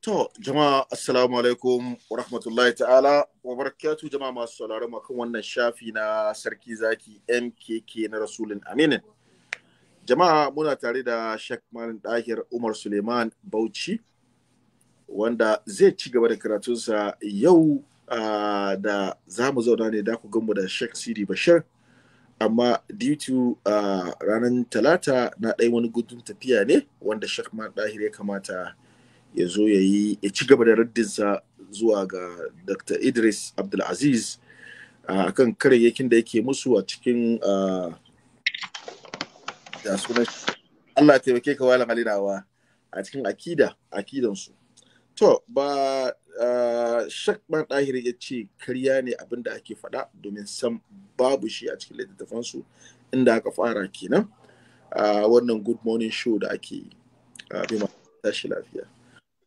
To, jama'a assalamu alaikum wa rahmatullahi ta'ala wa barakatu jama'a masu sauraro makon wannan shafi na sarki zaki MKK na Rasulun Aminin. Jama'a muna tare da Sheikh Malam Dahir Umar Suleiman Bauchi wanda zai ci gaba da karatunsa yau da za mu zauna ne da ku da Sheikh Sidi Bashir amma due to ranar talata na ɗaya wani gudun tafiya ne wanda Sheikh Malam Dahir ya kamata ya zo ya yi ya ci gaba da raddinsa zuwa ga dr idris abdulaziz a kan karayyakin da yake musu a cikin da sunan allah ya taimake ka wala malinawa a cikin akida akidansu to ba shak ban ɗahir ya ce karya ne abin da ake faɗa domin san babu shi a cikin littattafansu inda aka fara kenan wannan good morning show da ake yi tashi lafiya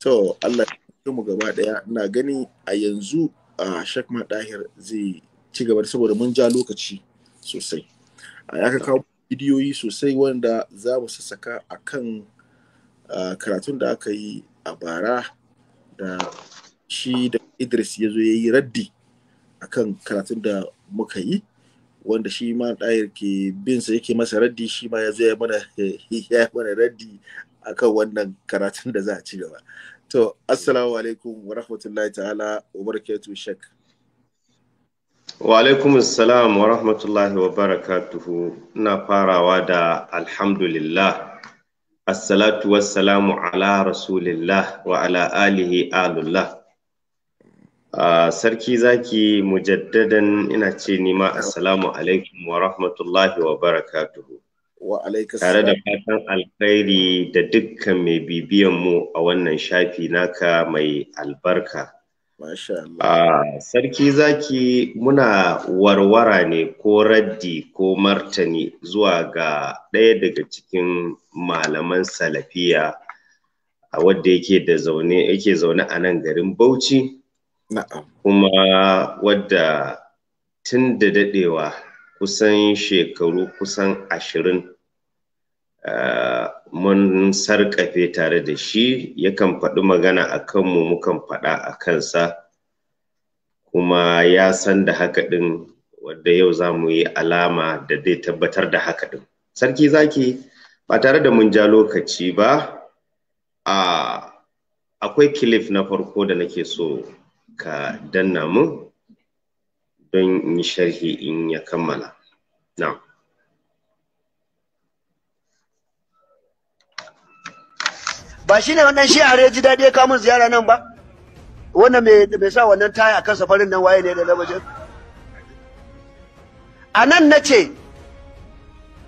to Allah ya mu gaba daya ina gani a yanzu a Sheikh Madahir zai ci gaba saboda mun ja lokaci sosai a ya kawo bidiyoyi sosai wanda za mu sassaka a kan karatun da aka yi a bara da shi da Idris ya zo ya yi raddi a kan karatun da muka yi wanda shi ma ɗayar ke binsa yake masa raddi shi ma ya zo ya mana raddi akan wannan karatun da za a ci gaba to assalamu alaikum wa rahmatullahi ta'ala wa barakatu shek wa alaikum assalam wa rahmatullahi wa barakatuhu na farawa da alhamdulillah assalatu wassalamu ala rasulillah wa ala alihi alullah Uh, sarki zaki mujaddadan ina ce nima assalamu alaikum wa rahmatullahi wa barakatuhu tare da fatan alkhairi da dukkan mai bibiyan mu a wannan shafi naka mai albarka ah, sarki zaki muna warwara ne ko raddi ko martani zuwa ga ɗaya daga cikin malaman salafiya a wadda yake da zaune yake zaune a nan garin bauchi kuma wadda tun da daɗewa kusan shekaru kusan ashirin mun sarƙafe tare da shi yakan faɗi magana a kanmu mukan faɗa a kansa kuma ya san da haka ɗin wadda yau za mu yi alama da zai tabbatar da haka ɗin sarki zaki ba tare da mun ja lokaci ba a akwai kilif na farko da nake so ka danna mun don in sharhi in ya kammala na'am ba shi ne wannan shi are ji daɗi ya kamun ziyara nan ba wannan mai sa wannan taya kan safarin nan waye ne da lamajin a nan na ce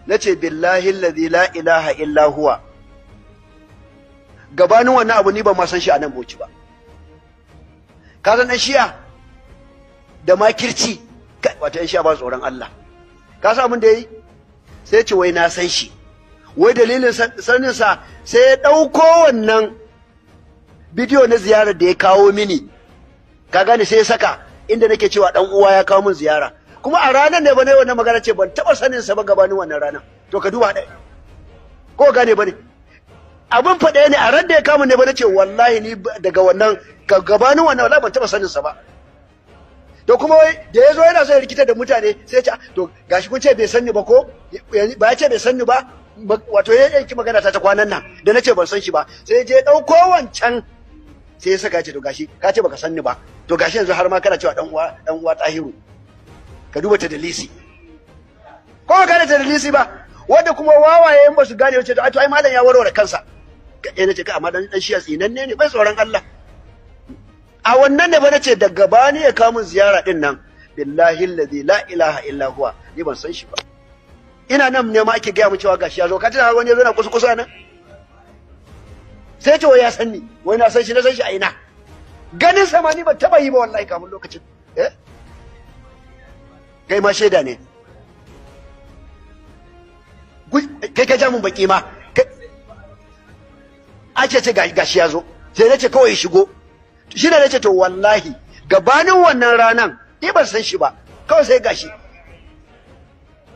na ce billahi lazi la ilaha illa huwa gabanin wannan abu ni ba ma san shi a nan boci ba ka san ɗan shiya da makirci wata ɗan shiya ba tsoron Allah ka san abin da ya yi sai ce wai na san shi wai dalilin saninsa sai ya ɗauko wannan bidiyo na ziyarar da ya kawo mini ka gane sai ya saka inda nake cewa ɗan uwa ya kawo min ziyara kuma a ranar ne ba ne wannan magana ce ban taɓa saninsa ba gabanin wannan ranar to ka duba ɗaya ko gane ba ne abin faɗa ne a ran da ya min ne bane na ce wallahi ni daga wannan gabanin wannan wallahi ban taɓa saninsa ba to kuma wai da ya zo yana so ya rikita da mutane sai ya ce ah, to gashi kun ce bai sanni ba ko ba ya ce bai sanni ba wato ya yanki magana ta ta kwanan nan da nace ban san shi ba sai je dauko wancan sai ya saka ce to gashi ka ce baka sanni ba to gashi yanzu har ma kana cewa dan uwa dan uwa tahiru ka duba ta dalisi ko ka ta dalisi ba wanda kuma wawaye in ba su gane wace to ai to ai malam ya warware kansa eh ce ka amma dan dan ya tsinanne ne bai tsoron Allah a wannan ne ba nace daga bani ya kamun ziyara din nan billahi alladhi la ilaha illa huwa ni ban san shi ba ina nan ne ma ake gaya mu cewa gashi ya zo ka tana wani ya na kusa kusa nan sai ce ya san ni wai na san shi na san shi a ina ganin sama ni ba taba yi ba wallahi kamun lokacin eh kai ma shaida ne kai ka ja mun baki ma a ce gashi ya zo sai na ce kawai ya shigo shi da na ce to wallahi gabanin wannan ranan ni ban san shi ba kawai sai gashi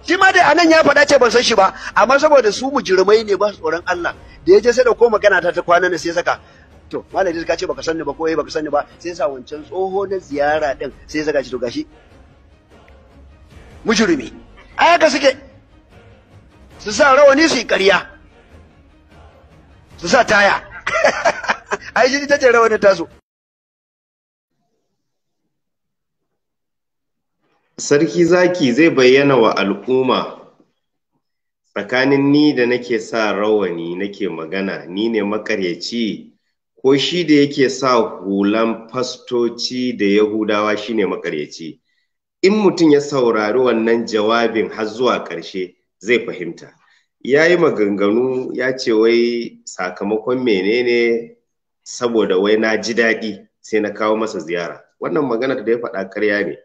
shi ma dai anan ya faɗa ce ban san shi ba amma saboda su mujrimai ne ba su tsoron Allah da ya je sai da ko magana ta ta kwana ne sai saka to malam Idris ka ce baka sanni ba ko eh baka sanni ba sai sa wancan tsoho na ziyara din sai saka shi to gashi mujrimi ai ka suke su sa rawani su yi ƙarya su sa taya ai shi ita ce rawanin tasu Sarki zaki zai bayyana wa al'umma tsakanin ni da nake sa rawani nake magana ni ne makaryaci ko shi da yake sa hulan fastoci da Yahudawa shi ne makaryaci. In mutum ya saurari wannan jawabin har zuwa ƙarshe zai fahimta. Ya yi maganganu ya ce wai sakamakon menene saboda wai na ji daɗi sai na kawo masa ziyara. Wannan magana da ya faɗa karya ne.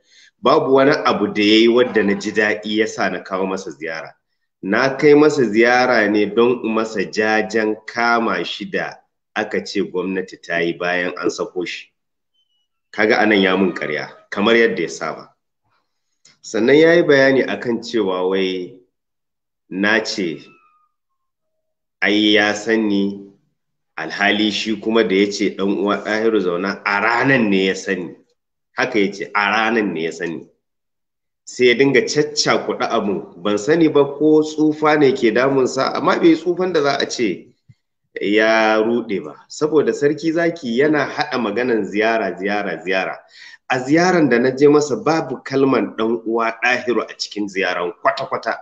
babu wani abu da ya yi wadda na ji daɗi ya sa na kawo masa ziyara na kai masa ziyara ne don masa jajen kama shi da aka ce gwamnati ta yi bayan an sako shi kaga anan ya mun karya kamar yadda ya saba sannan ya yi bayani akan cewa wai na ce ai ya sani alhali shi kuma da ya ce uwa ɗahiru zauna a ranan ne ya sani haka ya ce a ranan ne ya sani sai ya dinga cacca kuɗa abu ban sani ba ko tsufa ne ke damunsa amma bai tsufan da za a ce ya ruɗe ba saboda sarki zaki yana haɗa maganan ziyara ziyara ziyara a ziyaran da na je masa babu kalman ɗan uwa ɗahiru a cikin ziyaran kwata-kwata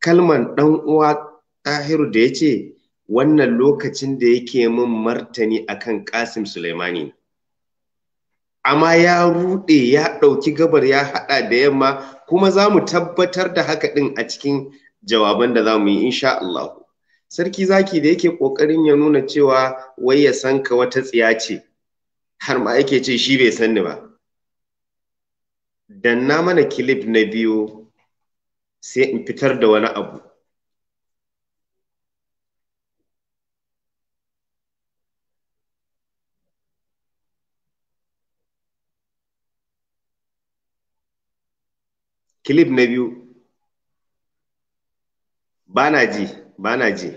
kalman ɗan uwa ɗahiru da ya ce wannan lokacin da yake min martani akan kasim suleimani amma ya rude ya ɗauki gabar ya haɗa da yamma kuma za mu tabbatar da haka ɗin a cikin jawaban da za mu yi insha Allah. Sarki zaki da yake ƙoƙarin ya nuna cewa wai ya san ka wata tsiya ce, har ma yake ce shi bai san ni ba. Danna mana kilif na biyu sai in fitar da wani abu. Clip na biyu. Bana ji, bana ji.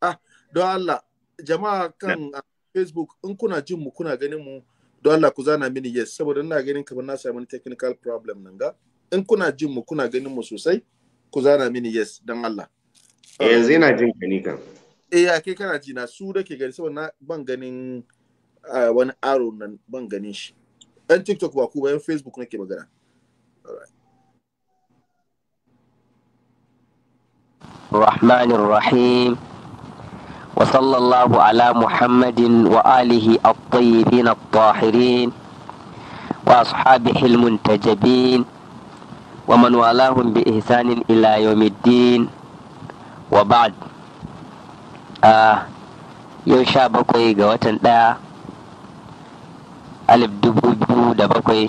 Ah, don Allah, jama'a kan ah, Facebook in kuna jin mu kuna ganin mu don Allah ku zana mini yes saboda ina ganin kamar na samu technical problem nan ga. In kuna jin mu kuna ganin mu sosai ku zana mini yes don Allah. Eh, yanzu yana jin ka ni kan. Eh, kai kana ji na su da ke gani saboda na ban ganin ah, wani aro nan ban ganin shi. Ɗan TikTok ba ku ba, Facebook nake magana. All right. الرحمن الرحيم وصلى الله على محمد وآله الطيبين الطاهرين وأصحابه المنتجبين ومن والاهم بإحسان إلى يوم الدين وبعد آه يوشا بكوي غواتن دا ألف دبو دبو دبقوي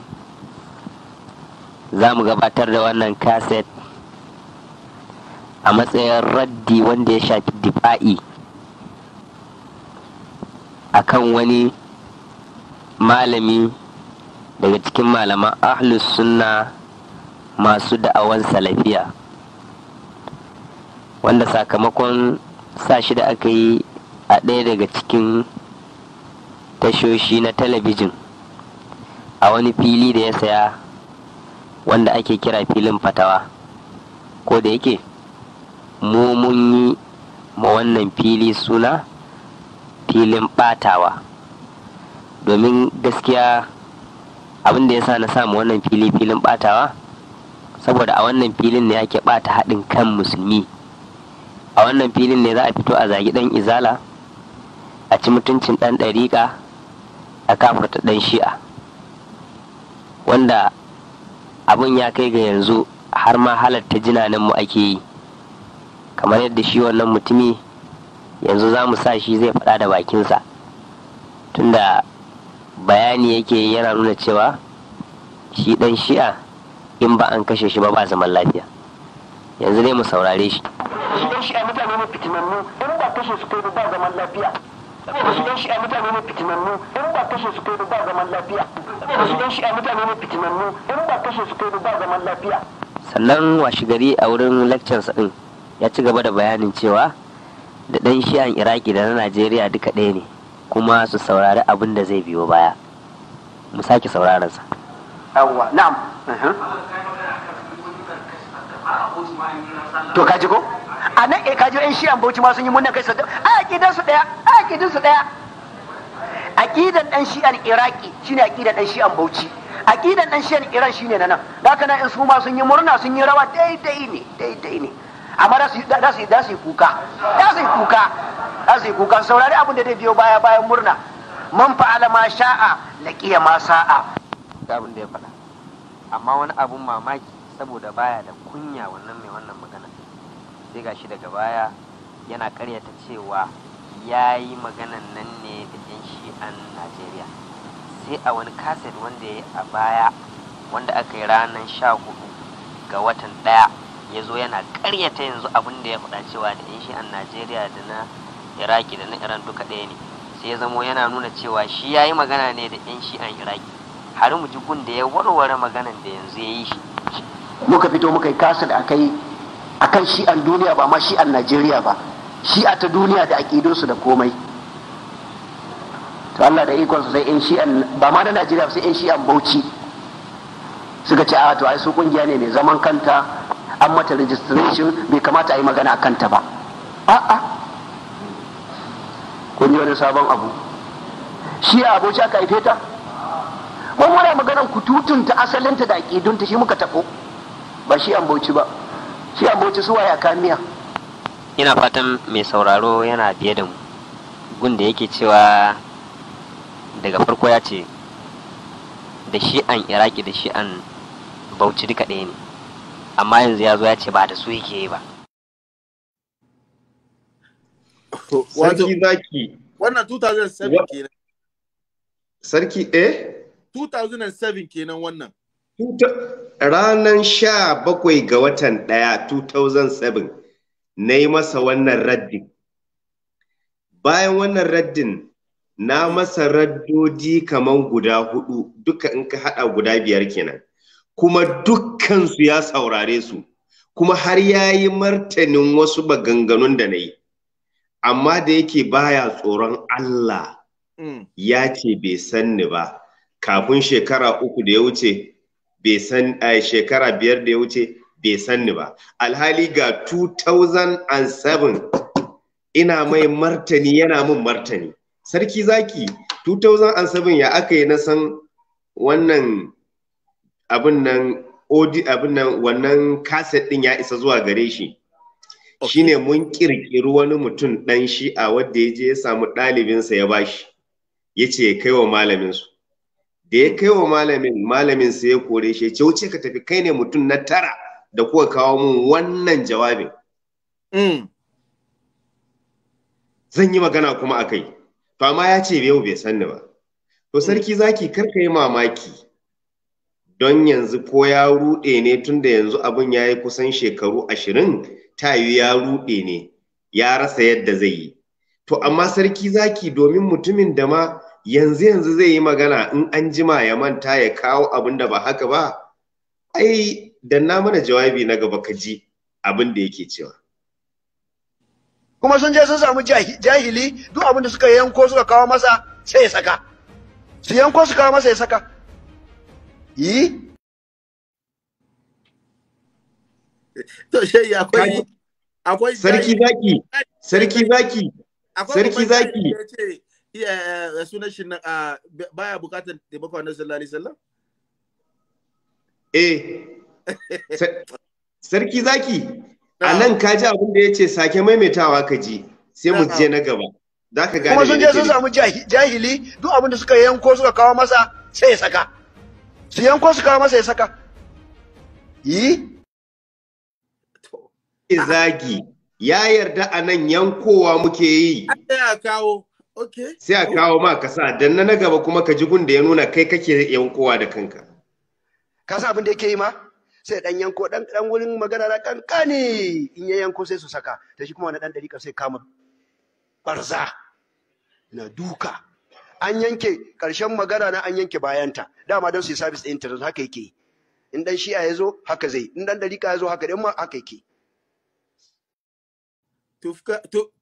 زام za mu gabatar a matsayin raddi wanda ya shafi difa'i a kan wani malami daga cikin malaman ahlus sunna masu da'awan salafiya wanda sakamakon sa shi da aka yi a ɗaya daga cikin tashoshi na talabijin a wani fili da ya saya wanda ake kira filin fatawa ko da yake mu mun yi ma wannan fili suna filin ɓatawa domin gaskiya abin da ya sa na samu wannan fili filin ɓatawa saboda a wannan filin ne ake bata haɗin kan musulmi a wannan filin ne za a fito a zagi ɗan izala a ci mutuncin ɗan ɗariƙa a kafarta ɗan shi'a wanda abin ya kai ga yanzu har ma halatta jinanin mu ake yi kamar yadda shi wannan mutumi yanzu za mu sa shi zai faɗa da bakinsa tunda bayani yake yana nuna cewa shi ɗan shi'a in ba an kashe shi ba ba zaman lafiya yanzu dai mu saurare shi shi su kai ba zaman mutane ne fitinannu in ba kashe su kai ba ba kashe su lafiya sannan washe gari a wurin lectures din. ya ci gaba da bayanin cewa da ɗan shi'an iraki da na najeriya duka ɗaya ne kuma su saurari abin da zai biyo baya mu sake sauraransa mhm. to kaji ko a nan eh, ka ji yan shi'an bauchi ma sun yi munnan kai saddam a aqidan su daya a aqidan su daya aqidan dan shi'an iraki shine aqidan dan shi'an bauchi aqidan dan shi'an iran shine na nan haka nan in su ma sun yi murna sun yi rawa daidai ne daidai ne amma da su yi kuka da su kuka da su kuka kuka saurari abin da zai biyo baya bayan murna man fa'ala ma sha'a laqiya ma sa'a da abin da ya faɗa amma wani abun mamaki saboda baya da kunya wannan mai wannan magana sai gashi daga baya yana karyata cewa ya yi maganan nan ne da yan shi'an najeriya sai a wani kaset wanda ya yi a baya wanda aka yi ranar sha hudu ga watan ɗaya ya zo yana karyata yanzu abin da ya faɗa cewa da yan shi'an najeriya da na iraki da na iran duka ɗaya ne sai ya zamo yana nuna cewa shi ya yi magana ne da yan shi'an iraki har mu ji gun da ya warware maganan da yanzu ya yi shi muka fito muka yi kasar a kai akan shi'an duniya ba ma shi'an najeriya ba shi'a ta duniya da aƙidunsu da komai to Allah da ikonsa sai yan shi'an ba ma da najeriya sai yan shi'an bauchi suka ce a to ai su kungiya ne mai zaman kanta an mata registration bai kamata a yi magana a kanta ba a'a kun yi wani sabon abu shi a aboci aka haife ta wani muna maganar kututunta asalinta da aƙidunta shi muka tako. ba shi an bauchi ba shi an bauchi suwa ya kamiya ina fatan mai sauraro yana biye da mu da yake cewa daga farko ya ce da shi an iraki da shi an bauchi duka ɗaya ne amma yanzu ya zo ya ce ba da su yake yi ba sarki zaki 2007 eh? kenan wannan ranar sha bakwai ga watan ɗaya 2007 na yi masa wannan raddin bayan wannan raddin na masa raddodi kaman guda hudu duka in ka haɗa guda biyar kenan kuma dukkansu ya saurare su kuma har ya yi martanin wasu maganganun da na yi amma da yake baya tsoron Allah mm. ya ce bai san ni ba kafin shekara uku da ya wuce bai san eh, shekara biyar da ya wuce bai san ni ba alhali ga 2007 ina mai martani yana min martani sarki zaki 2007 ya aka yi na san wannan abin nan wannan kaset din ya isa zuwa gare shi shine mun kirkiri wani mutum dan shi a wanda ya je ya samu ɗalibinsa ya bashi ya ce ya kai wa malamin su da ya kai wa malamin malamin ya kore shi ya ce wuce ka tafi kai ne mutum na tara da kuka kawo mun wannan jawabin mm. zan yi magana kuma a kai to ya ce yau bai sanni ba to mm. sarki zaki karka yi mamaki don yanzu ko ya ruɗe ne tunda yanzu abin ya yi kusan shekaru ashirin yi ya ruɗe ne ya rasa yadda zai yi to amma sarki zaki domin mutumin da ma yanzu yanzu zai yi magana in an jima ya manta ya kawo abin da ba haka ba ai danna mana jawabi na gaba ka ji abin da yake cewa kuma sun je sun samu jahili duk abin da suka yanko suka kawo masa sai ya saka su yanko su kawo masa ya saka yi to shayi akwai akwai sarki zaki sarki zaki sarki zaki ya iya eh, sunan shi ah, baya bukatar taimako annabi sallallahu alaihi wasallam eh sarki zaki a nan ka ji abin da ya ce sake maimaitawa ka ji sai mu je na gaba za ka gane kuma sun je sun samu jahili duk abin da suka yanko suka kawo masa sai ya saka su yanko su kawo masa ya saka yi zagi ya yarda a nan yankowa muke yi sai a kawo ma kasa dan na gaba kuma ka ji da ya nuna kai kake yankowa da kanka kasa abin da yake yi ma sai dan yanko dan dan wurin magana na kankani in ya yanko sai su saka ta shi kuma wani dan dariƙa sai kama barza na duka an yanke ƙarshen magana na an yanke bayanta dama don su yi sabis ɗin ta haka yake in dan shi'a ya zo haka zai in dan dalika ya zo haka ɗin ma haka yake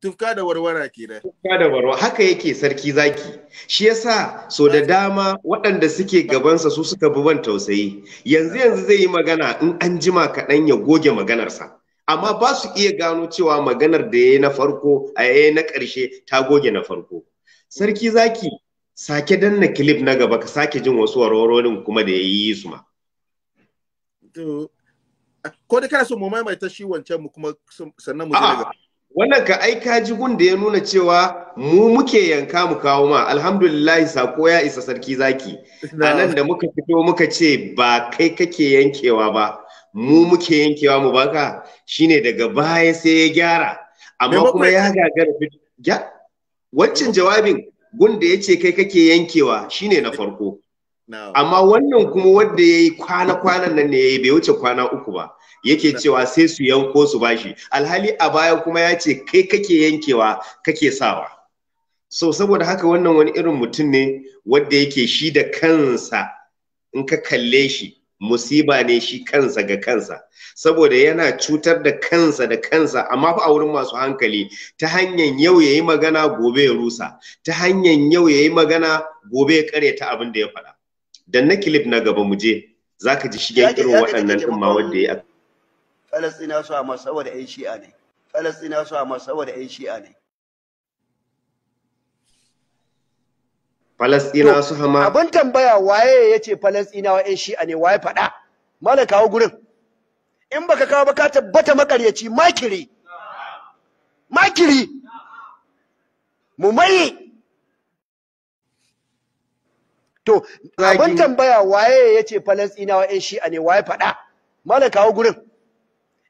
tufka da warwara da. tufka da warwara haka yake sarki zaki shi yasa so da dama waɗanda suke gabansa su suka bi ban tausayi yanzu yanzu zai yi magana in an jima kaɗan ya goge maganarsa amma ba su iya gano cewa maganar da ya yi na farko a yayi na ƙarshe ta goge na farko sarki zaki sake danna clip na gaba ka sake jin wasu warwarorin kuma da ya yi su ma. Ko da kana so mu maimaita shi wancan mu kuma sannan mu ji daga. Wannan ka ai ka ji gun da ya nuna cewa mu muke yanka mu kawo ma alhamdulillah sako ya isa sarki zaki. A nan da muka fito muka ce ba kai kake yankewa ba mu hmm. muke yankewa mu baka shine daga baya sai ya gyara amma kuma ya gagara Wancan jawabin gunda ya ce kai kake yankewa shine na farko amma wannan kuma wanda ya yi kwana-kwanan nan ne ya bai wuce kwana uku ba yake cewa sai su yanko su bashi alhali a baya kuma ya ce kai kake yankewa kake sawa so saboda haka wannan wani irin mutum ne wanda yake shi da kansa in ka kalle shi musiba ne shi kansa ga kansa saboda yana cutar da kansa da kansa amma fa a wurin masu hankali ta hanyar yau yayi magana gobe ya rusa ta hanyar yau yayi magana gobe ya kare ta abin da ya faɗa dan na clip na gaba mu je zaka ji shigen irin waɗannan din ma wanda ya Falastina su amma saboda shi'a ne Falastina su amma saboda shi'a ne Falasɗinawa su hama. Abin tambaya waye ya ce Falasɗinawa ‘yan shi'a ne waye faɗa, mana kawo gurin. In baka kawo ba ka tabbata makaryaci makiri, makiri, mu maye. To, abin tambaya waye ya ce Falasɗinawa ‘yan shi'a ne waye faɗa, mana kawo gurin.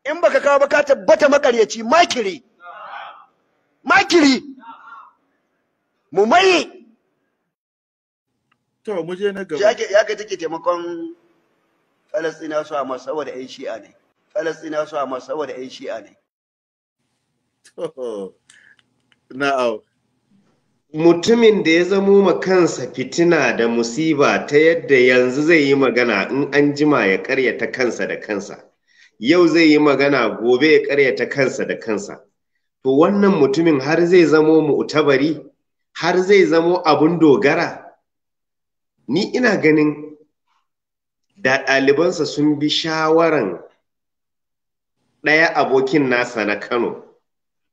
In baka kawo ba ka tabbata makaryaci makiri, makiri, mu maye. To mu je na gaba. Ya ga take taimakon Falastina su saboda Shi'a ne. Falastina su saboda Shi'a ne. To na'au. Mutumin da ya zamo ma kansa fitina da musiba ta yadda yanzu zai yi magana in an jima ya karyata kansa da kansa. Yau zai yi magana gobe ya karyata kansa da kansa. To wannan mutumin har zai zamo mu'tabari, har zai zamo abun dogara, ni ina ganin da ɗalibansa sun bi shawaran ɗaya abokin nasa na Kano,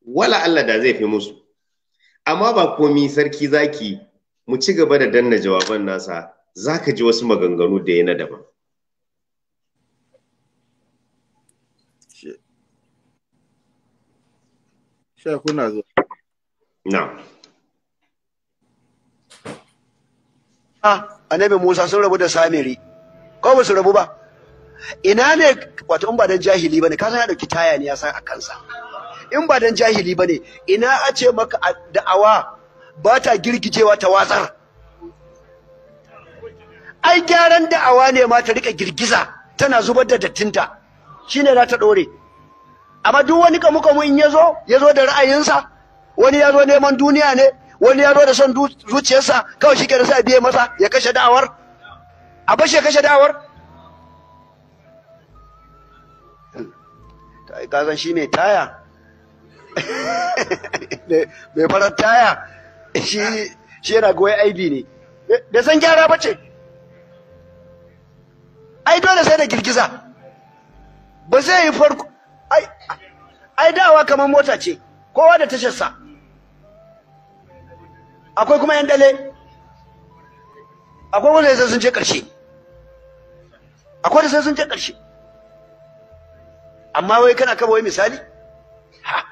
wala Allah da zai fi musu. Amma ba komi sarki zaki mu ci gaba da danna jawaban nasa za ka ji wasu maganganu da yana daban. Na. Ah. annabi Musa sun rabu da Samiri ko ba su rabu ba ina ne wato in ba dan jahili bane ka san ya dauki taya ne ya san a kansa in ba dan jahili bane ina a ce maka da'awa ba ta girgijewa ta watsar ai gyaran da'awa ne ma ta rika girgiza tana zubar da dattinta shine za ta dore amma duk wani kamu in yazo yazo da ra'ayinsa wani yazo neman duniya ne wani ya zo da son zuciyarsa kawai shi da sa biye masa ya kashe da'awar a ya kashe da'awar ta ka san shi mai taya mai farar taya shi shi yana goye aibi ne da san gyara bace ai dole sai da girgiza ba zai yi farko ai dawa kamar mota ce kowa da tashar sa akwai kuma yan dale akwai wanda sai sun je ƙarshe akwai da sai sun je ƙarshe amma wai kana kaba wai misali ha,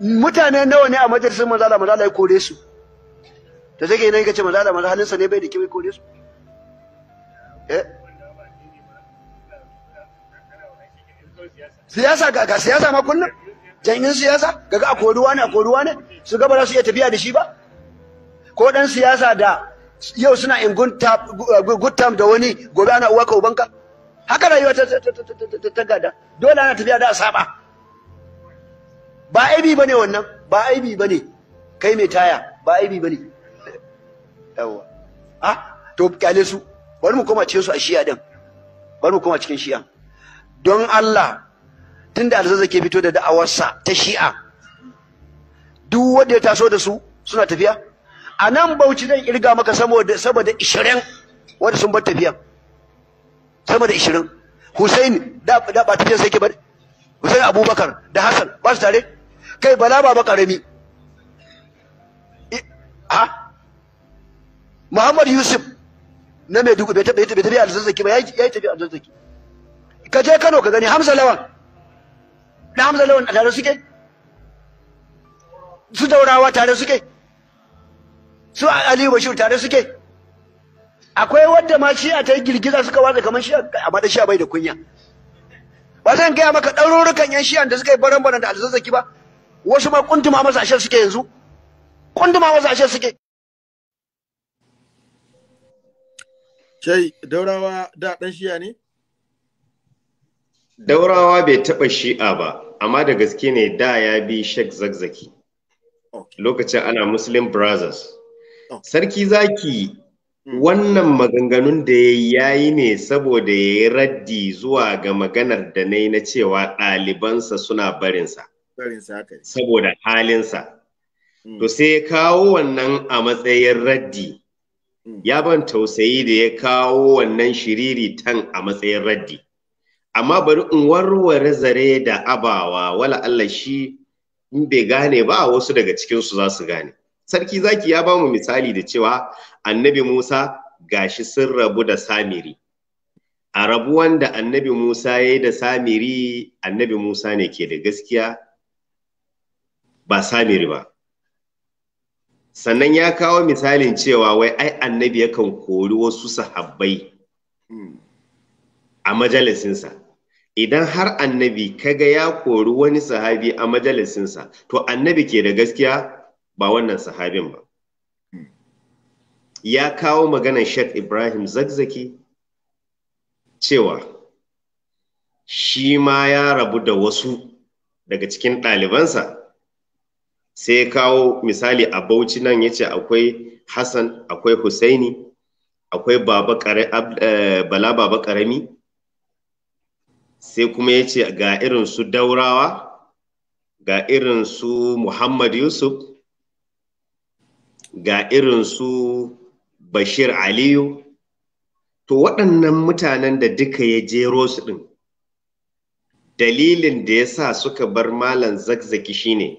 mutane nawa ne a majalisar manzala manzala ya kore su Ta zai gina yake ce manzala manzala halinsa ne bai da kyau ya kore su eh? siyasa ga siyasa ma kullum jami'in siyasa ga a koruwa ne a koruwa ne su gaba za su iya tafiya da shi ba ko ɗan siyasa da yau suna in good time da wani gobe ana uwa ka ubanka haka rayuwa ta gada dole ana tafiya da saba ba aibi bane wannan ba aibi bane kai mai taya ba aibi bane yawa a to kyale su bari mu koma cikin su a shiya din bari mu koma cikin shi'a don Allah tunda alzaza ke fito da da'awarsa ta shi'a duk wanda ya taso da su suna tafiya a nan bauchi zan kirga maka saboda saboda 20 wanda sun bar tafiya. sama da 20 Hussein da da ba tafiya sai ke bar Hussein Abubakar da Hassan ba su tare kai bala ba ba karami ha Muhammad Yusuf na mai duku bai taɓa bai taɓa alzazzaki ba ya yi tafiya alzazzaki ka je Kano ka gani Hamza Lawan da Hamza Lawan tare suke su daurawa tare suke su a Aliyu Bashir tare suke akwai wadda ma shi a ta girgiza suka watsa kamar shi a mada shi bai da kunya ba zan gaya maka ɗarurukan yan shi da suka yi baran baran da alzazzaki ba wasu ma kunduma masa ashe suke yanzu kunduma masa ashe suke Shai Daurawa da ɗan shiya ne? Daurawa bai taɓa shi'a ba, amma da gaske ne da ya bi Sheikh Zagzaki. Lokacin ana Muslim Brothers. sarki zaki hmm. wannan maganganun da ya yayi ne saboda ya yi raddi zuwa ga maganar da na yi na cewa ɗalibansa suna barinsa saboda halinsa hmm. to sai ya kawo wannan a matsayin raddi hmm. ya ban tausayi da ya kawo wannan shiriri tan a matsayin raddi amma bari in warware zare da abawa wala Allah shi in bai gane ba wasu daga cikinsu za su gane sarki zaki ya ba mu misali da cewa annabi Musa gashi sun rabu da Samiri a rabuwan da annabi Musa ya yi da Samiri annabi Musa ne ke da gaskiya ba Samiri ba sannan ya kawo misalin cewa wai ai annabi yakan kori wasu sahabbai a majalisinsa idan har annabi kaga ya kori wani sahabi a majalisinsa to annabi ke da gaskiya ba wannan sahabin ba ya kawo maganar Sheikh Ibrahim Zagzaki cewa shi ma ya rabu da wasu daga cikin ɗalibansa sai ya kawo misali a Bauchi nan ya ce akwai Hassan akwai Husaini akwai eh, Bala Baba Karami sai kuma ya ce ga irinsu Daurawa ga irinsu Muhammad Yusuf ga irin su Bashir Aliyu to waɗannan mutanen da duka ya jero su ɗin dalilin da ya sa suka bar malam zakzaki shine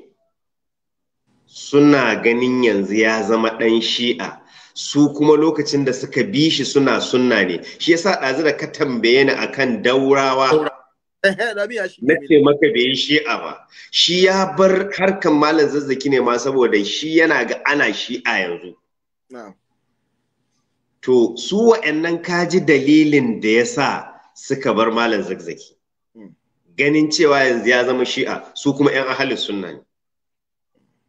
suna ganin yanzu ya zama ɗan shi'a su kuma lokacin da suka bi shi suna sunna ne shi sa ɗazu da ka tambaye ni akan daurawa Eh, na maka bai yi shi'a ba. Shi ya bar harkan malam zazzaki ne ma saboda shi yana ga ana shi'a yanzu. To, su wa'annan kaji dalilin da ya sa suka bar malam zazzaki. Hmm. Ganin cewa yanzu ya zama shi'a, su kuma 'yan ahalin sunna ne.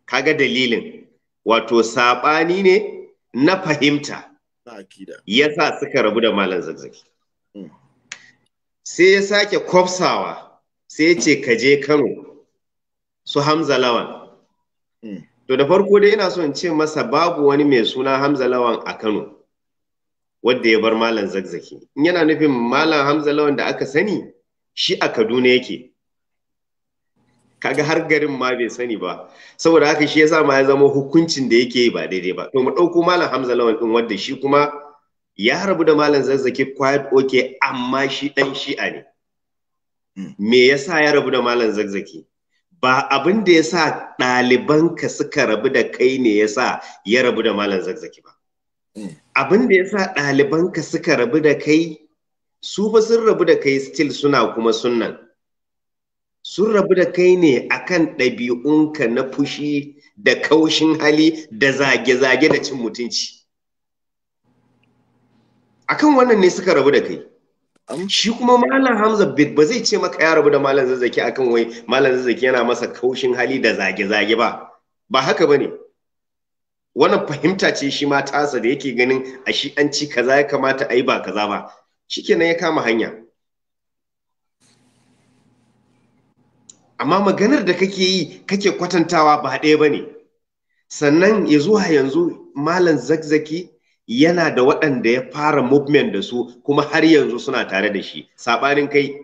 Kaga dalilin, wato saɓani ne na fahimta. Ya sa suka rabu da malam zazzaki. Hmm. sai ya sake kwafsawa sai ya ce ka je kano su hamza lawan hmm. to da farko dai ina son ce masa babu wani mai suna hamza lawan a kano wadda ya bar malam zagzaki in yana nufin malam hamza lawan da aka sani shi a kaduna yake kaga har garin ma bai sani ba saboda haka shi yasa ma ya zama hukuncin da yake ba daidai ba to mu ɗauko malam hamza lawan din wanda shi kuma ya rabu da malam zazzaki quiet okay amma shi dan shi'a ne hmm. me yasa ya rabu da malam zazzaki ba abin da yasa ɗalibanka suka rabu da kai ne yasa ya rabu da malam zazzaki ba hmm. abin da yasa ɗalibanka suka rabu da kai su ba sun rabu da kai still suna kuma sunnan sun rabu da kai ne akan ɗabi'unka na fushi da kaushin hali da zage-zage da cin mutunci akan wannan ne suka rabu da kai shi kuma malam hamza ba zai ce maka ya rabu da malam zazzaki akan wai malam zazzaki yana masa kaushin hali da zage-zage ba ba haka ba ne wannan fahimta ce shi ma tasa da yake ganin a shi an ci kaza ya kamata a yi ba kaza ba shikenan ya kama hanya amma maganar da kake yi kake kwatantawa ba ɗaya ba ne sannan ya zuwa yanzu malam zazzaki yana da waɗanda ya fara movement da su kuma har yanzu suna tare da shi saɓanin kai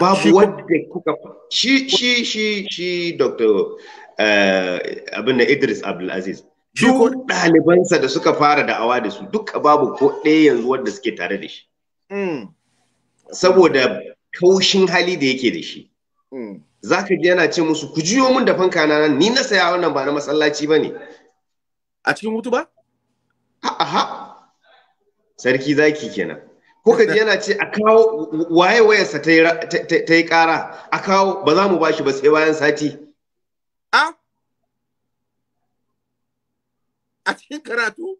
babu wanda kuka shi shi shi shi dr eh, abin idris abdulaziz duk ɗalibansa da suka fara da'awa da su duka babu ko ɗaya yanzu wanda suke tare da shi hmm. saboda kaushin hali da yake da shi hmm. za ka ji yana ce musu ku jiyo mun da fanka na nan ni na saya wannan ba na masallaci ba ne a cikin hutu ba? Aha. Sarki zaki kenan. Ko ka yana ce a kawo waye wayarsa ta yi ƙara a kawo ba za mu ba shi ba sai bayan sati. A? A cikin karatu?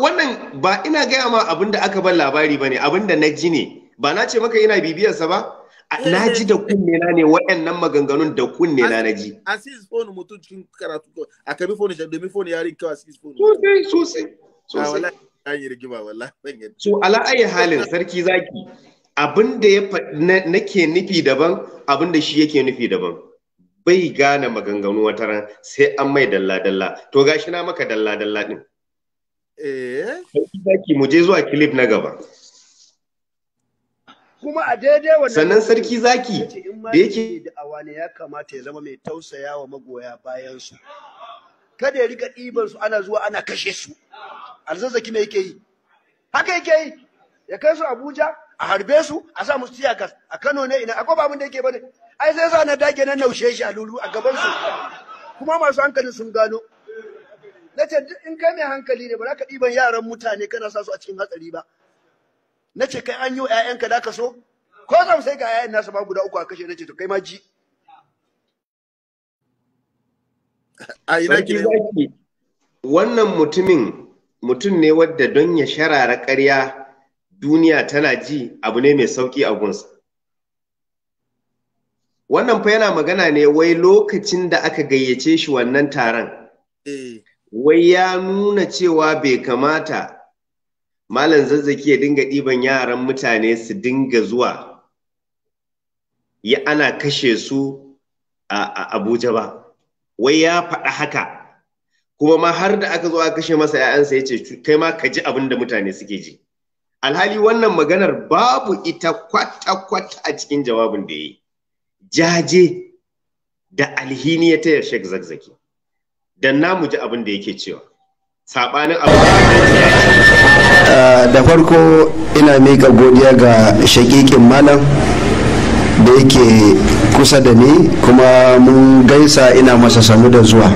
Wannan ba ina gaya ma abinda aka ban labari ba ne abin da na ji ne ba na ce maka ina bibiyarsa ba? Eh, eh, na ji da kunne na ne waɗannan maganganun da kunne na na ji a sis phone mutum cikin karatu a kabi phone shi domin phone yarin kawai sis phone sosai sosai ah, sosai an yi rigima wallahi so ala ayi halin sarki zaki abin da ya nake nufi daban abin da shi yake nufi daban bai gane maganganu wata ran sai an mai dalla dalla to gashi na maka dalla dalla din eh sarki zaki mu je zuwa clip na gaba kuma a daidai wannan sannan sarki zaki da yake da ya kamata ya zama mai tausaya wa magoya bayan su kada ya rika ɗiban su ana zuwa ana kashe su alzazzaki ne yake yi haka yake yi ya kai su Abuja a harbe su a sa musu tiyakas a Kano ne ina akwai babun da yake bane ai sai sa na dage na naushe shi a lulu a gaban su kuma masu hankali sun gano nace in kai mai hankali ne ba za ka ɗiban yaran mutane kana sa su a cikin hatsari ba na ce kai an yi wa 'ya'yanka da ka so ko zan sai ga 'ya'yan nasa ba guda uku a kashe na ce to kai ma ji a wannan mutumin mutum ne wadda don ya sharara ƙarya duniya tana ji abu ne mai sauƙi a gunsa wannan fa yana magana ne wai lokacin da aka gayyace shi wannan taron eh. wai ya nuna cewa bai kamata malam zazzaki ya dinga ɗiban yaran mutane su dinga zuwa ya ana kashe su a abuja ba wai ya faɗa haka kuma ma har da aka zo a kashe masa ‘ya'yansa ya ce kai ma ka ji abin da mutane suke ji alhali wannan maganar babu ita kwata-kwata a cikin jawabin da ya yi jaje da alhini ya tayar shek zazzaki don namu ji abin da yake cewa sabanin abu eh, da farko ina mika godiya ga shakikin malam da yake kusa da ni kuma mun gaisa ina masa sanu da zuwa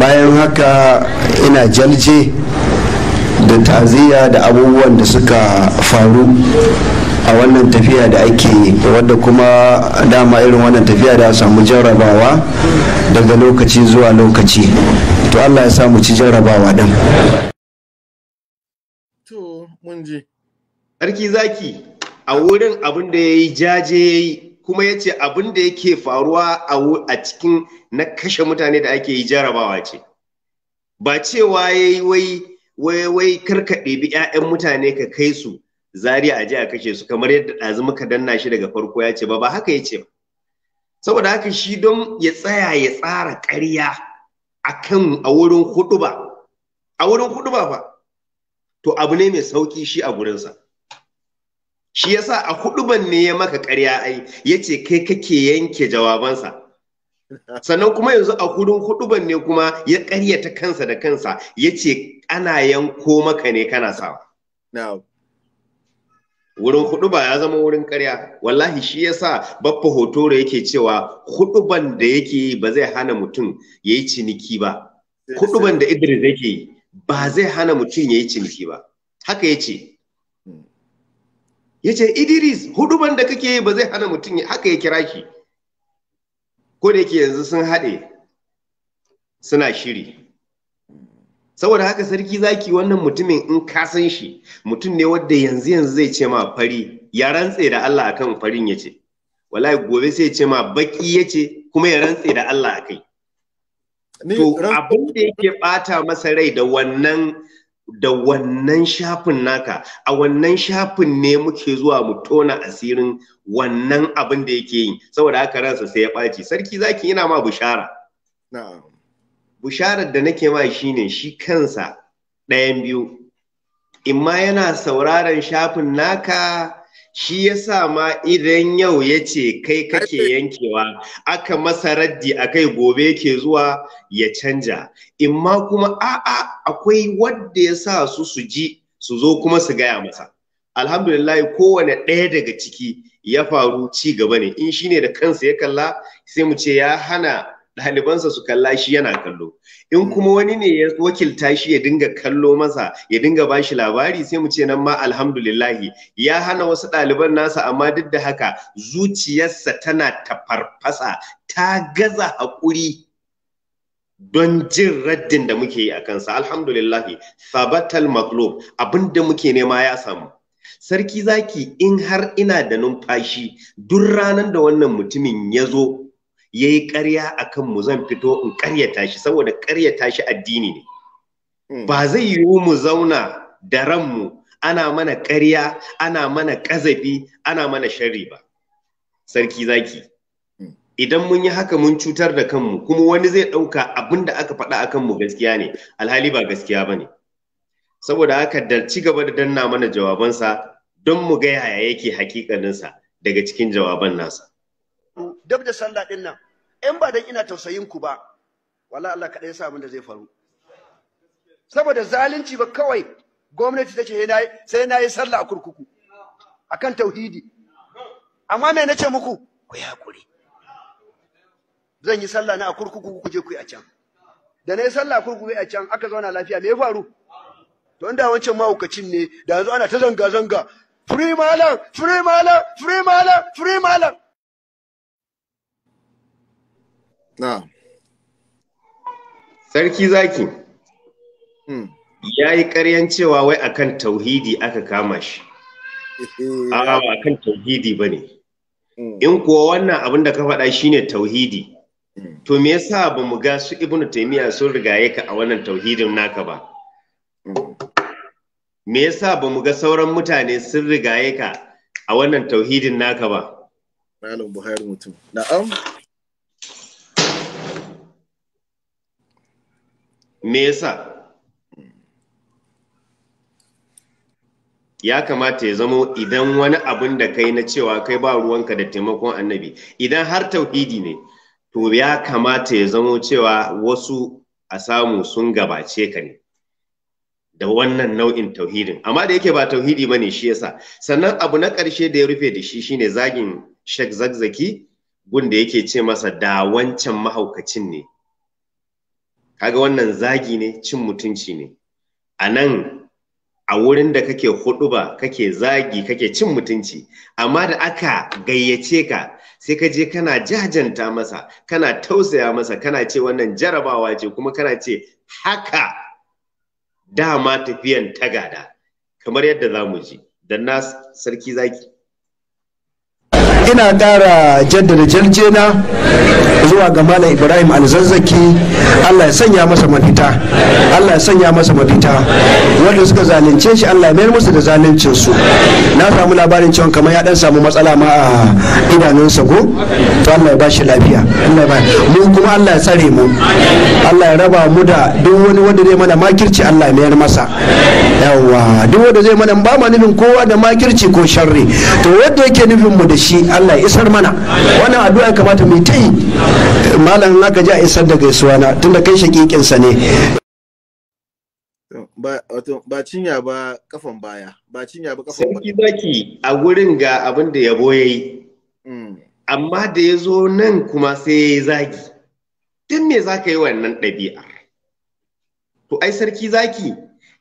bayan haka ina jalje da taziya da abubuwan da suka faru a wannan tafiya da ake wadda kuma dama irin wannan tafiya da samu jarrabawa daga lokaci zuwa lokaci to Allah ya sa mu ci jarrabawa din to mun ji sarki zaki a wurin abin da yayi jaje yayi kuma yace abin da yake faruwa a cikin na kashe mutane da ake yi jarrabawa ce ba cewa yayi wai wai wai karka ɗebi 'ya'yan mutane ka kai su Zariya a je a kashe su kamar yadda ɗazu muka danna shi daga farko ya ce ba ba haka ya ce ba saboda haka shi don ya tsaya ya tsara ƙarya kan a wurin ba a wurin ba fa to abu ne mai sauki shi a gurinsa shi yasa a huɗuban ne ya maka ƙarya ai ce kai kake yanke jawabansa sannan kuma yanzu a hudun ban ne kuma ya ƙaryata kansa da kansa ya ce ana yanko maka ne kana sawa wurin ba ya zama wurin karya wallahi shi yasa baffa hotoro yake cewa ban da yake yi ba zai hana mutum ya yi ciniki ba ban da idris yake yi ba zai hana mutum ya yi ciniki ba haka ya ce ya ce idris ban da kake yi ba zai hana mutum ya haka ya kira ki ko da yake yanzu sun haɗe suna shiri saboda haka sarki zaki wannan mutumin in ka san shi mutum ne wanda yanzu yanzu zai ce ma fari ya rantse da Allah akan farin ya wallahi gobe sai ce ma baki yace kuma ya rantse da Allah akai to abin da yake bata masa rai da wannan da wannan shafin naka a wannan shafin ne muke zuwa mu tona asirin wannan abin da yake yi saboda haka ransa sai ya ɓaci sarki zaki ina ma bishara na'am bisharar da nake ma shine shi kansa ɗayan biyu imma yana sauraron shafin naka shi ya sa ma idan yau ya ce kai kake yankewa aka masa raddi a kai gobe ke zuwa ya canja imma kuma a'a akwai wadda ya sa su su ji su zo kuma su gaya masa alhamdulillah kowane ɗaya daga ciki ya faru ci gaba ne in shi ne da kansa ya kalla sai mu ce ya hana ɗalibansa su kalla shi yana kallo in kuma wani ne ya wakilta shi ya dinga kallo masa ya dinga ba shi labari sai mu ce nan ma alhamdulillahi ya hana wasu ɗaliban nasa amma duk da haka zuciyarsa tana tafarfasa ta gaza haƙuri don jin raddin da muke yi a kansa alhamdulillahi sabatal maglub abin da muke nema ya samu sarki zaki in har ina da numfashi duk ranar da wannan mutumin ya zo yayi ƙarya akan mu zan fito in ƙaryata shi saboda ƙaryata shi addini ne hmm. ba zai yiwu mu zauna da ranmu ana mana ƙarya ana mana ƙazafi ana mana sharri ba sarki zaki hmm. idan mun yi haka mun cutar da kanmu kuma wani zai ɗauka abin da aka faɗa a kanmu gaskiya ne alhali ba gaskiya ba ne saboda haka da ci gaba da danna mana jawabansa don mu ga yaya yake hakikaninsa daga cikin jawaban nasa dab da sallah ɗin nan in ba dan ina tausayin ku ba Wala Allah kaɗai ya sa abin da zai faru saboda zalunci ba kawai gwamnati ta ce sai na yi sallah a kurkuku akan tauhidi amma me nace muku ku ya kuri. zan yi sallah na a kurkuku ku je ku yi a can da nayi sallah a kurkuku a can aka zauna lafiya me ya faru to inda wancan mahaukacin ne da yanzu ana ta zanga zanga free malam free malam free malam free malam na sarki zaki hmm. ya yi ƙaryan cewa wai akan tauhidi aka kama shi eh. a kan tauhidi ba ne hmm. in kuwa wannan abin da ka faɗa shine tauhidi hmm. to me yasa ba mu ga su ibnu taimiyya sun rigaye ka a wannan tauhidin naka ba me yasa ba mu ga sauran mutane sun rigaye ka a wannan tauhidin naka ba malam buhari mutum na'am me yasa ya kamata ya zama idan wani abin da kai na cewa kai ba ruwanka da taimakon annabi idan har tauhidi ne to ya kamata ya zama cewa wasu a samu sun gabace ka ne da wannan nau'in tauhidin amma da yake ba tauhidi ba ne shi yasa sannan abu na ƙarshe da ya rufe da shi shine zagin shek Zakzaki gunda yake ce masa da wancan mahaukacin ne kaga wannan zagi ne cin mutunci ne a nan a wurin da kake huɗuba kake zagi kake cin mutunci amma da aka gayyace ka sai ka je kana jajanta masa kana tausaya masa kana ce wannan jarabawa ce kuma kana ce haka dama tafiyan tagada kamar yadda za mu ji dan na sarki zaki ina ƙara jaddada jarjena zuwa ga malam ibrahim alzazzaki allah ya sanya masa mafita allah ya sanya masa mafita wanda suka zalunce shi allah ya mayar musu da zaluncin su na samu labarin cewa kamar ya dan samu matsala ma a idanunsa ko to allah ya ba shi lafiya allah ba mu kuma allah ya tsare mu allah ya raba mu da duk wani wanda zai mana makirci allah ya mayar masa yawa duk wanda zai mana ba ma nufin kowa da makirci ko sharri to wanda yake nufin mu da shi allah ya isar mana wannan addu'a kamata mu yi ta yi malam naka ji a isar da gaisuwa na tunda kai shakikin sa ne ba cinya ba kafan baya ba cinya ba kafan baya sarki a gurin ga abin da yabo yayi mm. amma da ya zo nan kuma sai ya yi zagi din me za yi wannan ɗabi'a to ai sarki zaki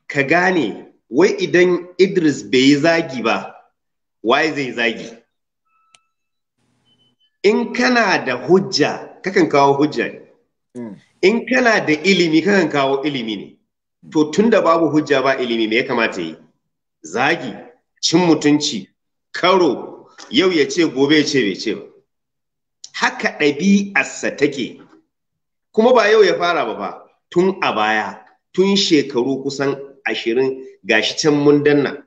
ka gane wai idan idris bai yi zagi ba waye zai zagi in kana da hujja kakan kawo hujja ne mm. in kana da ilimi kakan kawo ilimi ne to tun da babu hujja ba ilimi me ya kamata yi zagi cin mutunci karo yau ya ce gobe ya ce bai ce ba haka ɗabi'arsa take kuma ba yau ya fara ba ba tun a baya tun shekaru kusan ashirin gashi can mun danna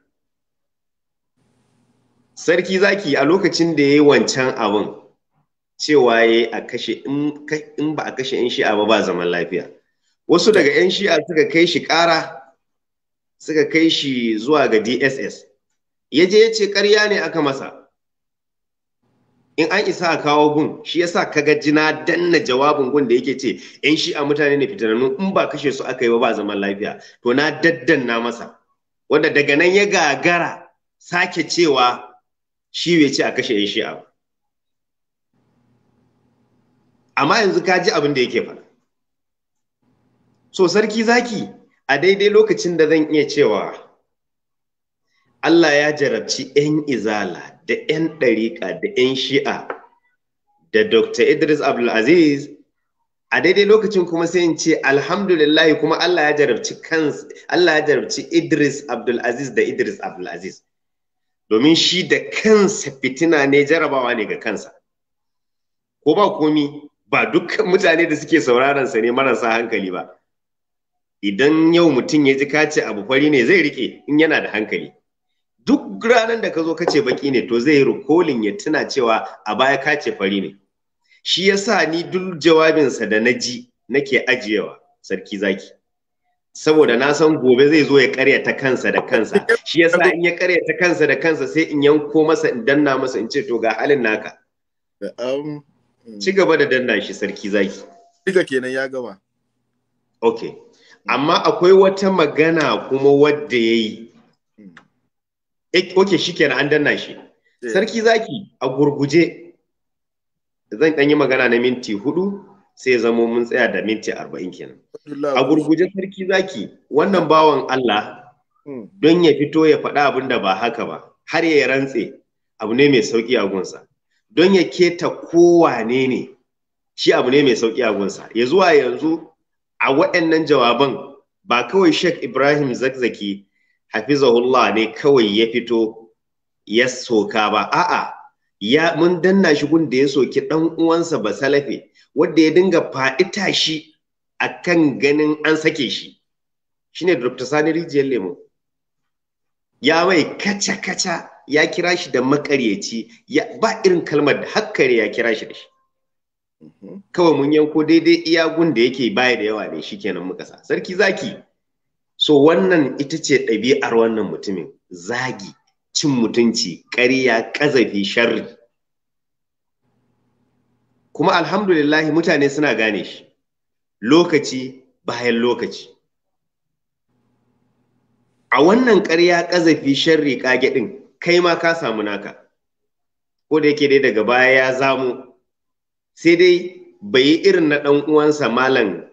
sarki zaki a lokacin da ya yi wancan abin cewa ya a kashe in ba a kashe 'yan shi'a ba ba zaman lafiya wasu daga 'yan shi'a suka kai shi kara suka kai shi zuwa ga dss ya je ya ce karya ne aka masa in an isa a kawo gun shi yasa kaga jina danna jawabin gun da yake ce 'yan shi'a mutane ne fitanannu in ba kashe su aka yi ba ba zaman lafiya to na daddanna masa wanda daga nan ya gagara sake cewa shi bai ce a kashe 'yan shi'a ba amma yanzu ka ji abin da yake faɗa so sarki zaki a daidai lokacin da zan iya cewa Allah ya jarabci 'yan izala da 'yan ɗariƙa da 'yan shi'a da Dr. Idris Abdulaziz a daidai lokacin kuma sai in ce alhamdulillah kuma Allah ya jarabci kans Allah ya jarabci Idris Abdulaziz da Idris Abdulaziz domin shi da kansa fitina ne jarabawa ne ga kansa ko ba komi ba dukkan mutane da suke sauraron sa ne marasa hankali ba idan yau mutum ya ji kace abu fari ne zai rike in yana da hankali duk ranar da ka zo kace baki ne to zai rikolin ya tuna cewa a baya kace fari ne shi yasa ni duk jawabinsa da naji nake ajiyewa sarki zaki saboda na san gobe zai zo ya karya ta kansa da kansa shi yasa in ya karya ta kansa da kansa sai in yanko masa in danna masa in ce to ga halin naka um, Ci gaba da danna shi sarki zaki. kenan ya gama. Ok. Amma akwai wata magana kuma wadda ya yi. Eh, ok, shi an danna shi. Eh. Sarki zaki a gurguje zan ɗanyi yi magana na minti hudu sai zamo mun tsaya da minti arba'in kenan. A gurguje sarki zaki wannan bawan Allah hmm. don ya fito ya faɗa abin da ba haka ba har ya rantse abu ne mai sauƙi a gunsa. don ya keta kowane ne shi abu ne mai sauƙi abunsa ya zuwa yanzu a waɗannan jawaban ba kawai Sheikh Ibrahim Zakzaki hafizahullah ne kawai ya fito ya soka ba a'a ya mun danna shi gun da ya soki ɗan uwansa ba salafe wanda ya dinga faɗi tashi kan ganin an sake shi shine Dr. Sani Rijiyar Lemo ya mai kaca kaca ya kira shi da makaryaci ba irin kalmar da hakkare ya kira shi da shi mhm. kawai mun yanko daidai iyagun da yake baya da yawa da shi kenan muka sa sarki zaki so wannan ita ce ɗabi'ar wannan mutumin zagi cin mutunci ƙarya ƙazafi sharri kuma alhamdulillahi mutane suna gane shi lokaci bayan lokaci a wannan ƙarya ƙazafi sharri ƙage ɗin kai ma ka samu naka ko da yake dai daga baya ya zamu sai dai bai yi irin na ɗan uwansa malam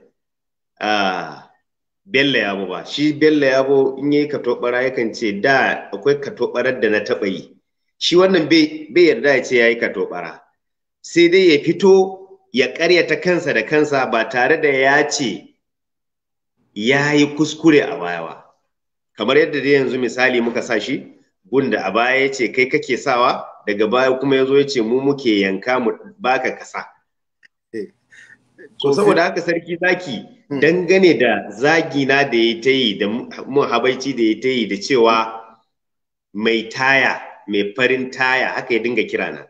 Bello ya ba shi Bello bo in yayi katobara yakan ce da akwai katobarar da na taɓa yi shi wannan bai yarda ya ce yayi katobara sai dai ya fito ya ƙaryata kansa da kansa ba tare da ya ce ya yi kuskure a baya ba kamar yadda dai yanzu misali muka sa shi Gun da a baya ya ce kai kake sawa daga baya kuma ya zo ya ce mu muke yanka mu baka kasa so eh. saboda haka sarki zaki hmm. dangane da zagina da ya ta yi da mun habaici da ya ta yi da cewa mai taya mai farin taya haka ya dinga kirana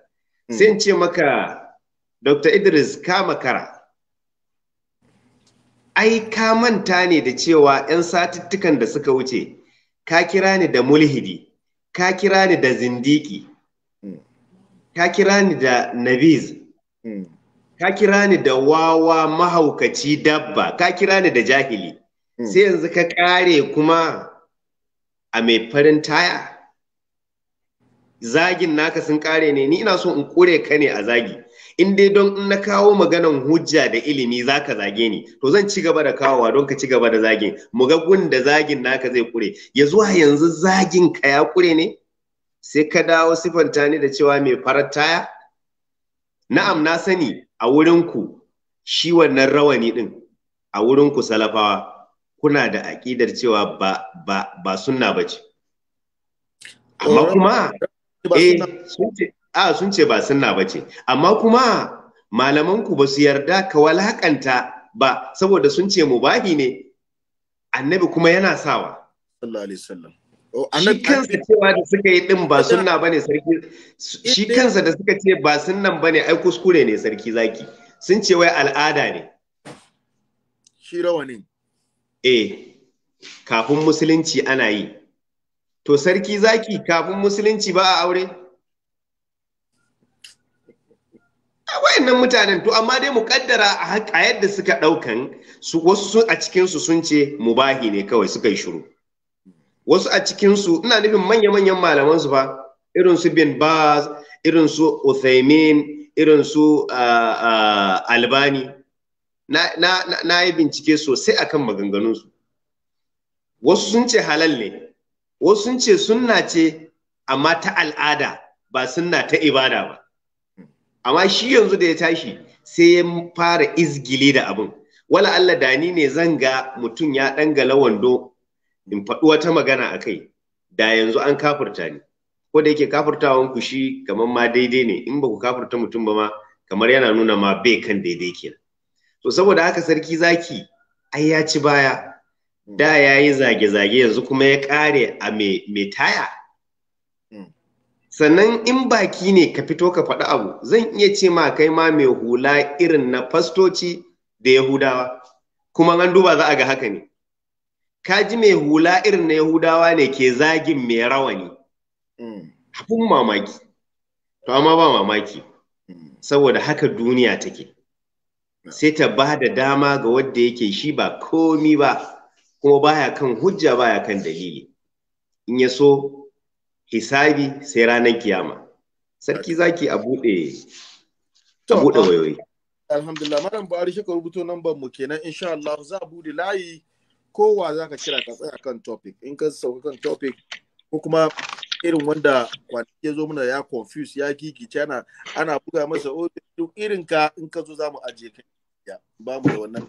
hmm. sai in ce maka dr idris ka makara ai ka manta ne da cewa 'yan satuttukan da suka wuce ka kira ni da mulhidi ka kira ni da zindiki hmm. ka kira ni da nabiz hmm. ka kira ni da wawa mahaukaci dabba ka kira ni da jahili hmm. sai yanzu ka kare kuma a mai farin taya zagin naka sun kare ne ni ina so in kure ka ne a zagi in dai don in na kawo maganan hujja da ilimi za ka zage ni to zan ci gaba da kawowa don ka ci gaba da zagin mu ga gun da zagin naka zai kure ya zuwa yanzu zagin ka ya kure ne sai ka dawo sifanta ni da cewa mai farar taya na'am na sani a wurin ku shi wannan rawani din a wurin ku salafawa kuna da aƙidar cewa ba ba ba sunna bace amma kuma eh a sun ce ba sunna ba ce amma kuma malamanku ba su yarda ka walakanta ba saboda sun ce mubahi ne annabi kuma yana sawa sallallahu alaihi wasallam shi kansa cewa da suka yi din ba sunna bane sarki shi kansa da suka ce ba sunnan bane ai kuskure ne sarki zaki sun ce wai al'ada ne shi rawani eh kafin musulunci ana yi to sarki zaki kafin musulunci ba a aure wayannan mutanen to amma dai mu kaddara a yadda suka ɗaukan su wasu a cikinsu sun ce mubahi ne kawai suka yi shiru wasu a cikinsu ina nufin manya-manyan malaman su fa irin su bin baz irin su uthaymin irin su albani na yi bincike sosai akan maganganunsu wasu sun ce halal ne wasu sun ce sunna ce amma ta al'ada ba sunna ta ibada ba amma shi yanzu da ya tashi sai ya fara izgili da abin wala Allah da ni ne zan ga mutum ya gala wando in faɗi wata magana a kai da yanzu an kafurta ni ko da yake kafurtawan ku shi kamar ma daidai ne in ba ku kafurta mutum ba ma kamar yana nuna ma bai kan daidai kenan to saboda haka sarki zaki ai ya ci baya da ya yi zage-zage yanzu kuma ya kare a mai taya sannan in baki ne ka fito ka faɗi abu zan iya ce ma kai ma mai hula irin na fastoci da yahudawa kuma an duba za a ga haka ne ka ji mai hula irin na yahudawa ne ke zagin mai rawani hakun mm. mamaki to amma ba mamaki mm. saboda haka duniya take sai ta ba da dama ga wadda yake shi ba komi ba kuma baya kan hujja baya kan dalili in ya so hisabi sai ranar kiyama sarki zaki a bude a buɗe wayoyi alhamdulillah madan buhari shi ka rubuto number mu kenan insha Allah za a bude layi kowa za ka kira ka tsaya kan topic in ka sauka kan topic ko kuma irin wanda kwanaki ya zo mana ya confuse ya gigice ana ana buga masa duk irin ka in ka zo za mu ajiye kai ba mu da wannan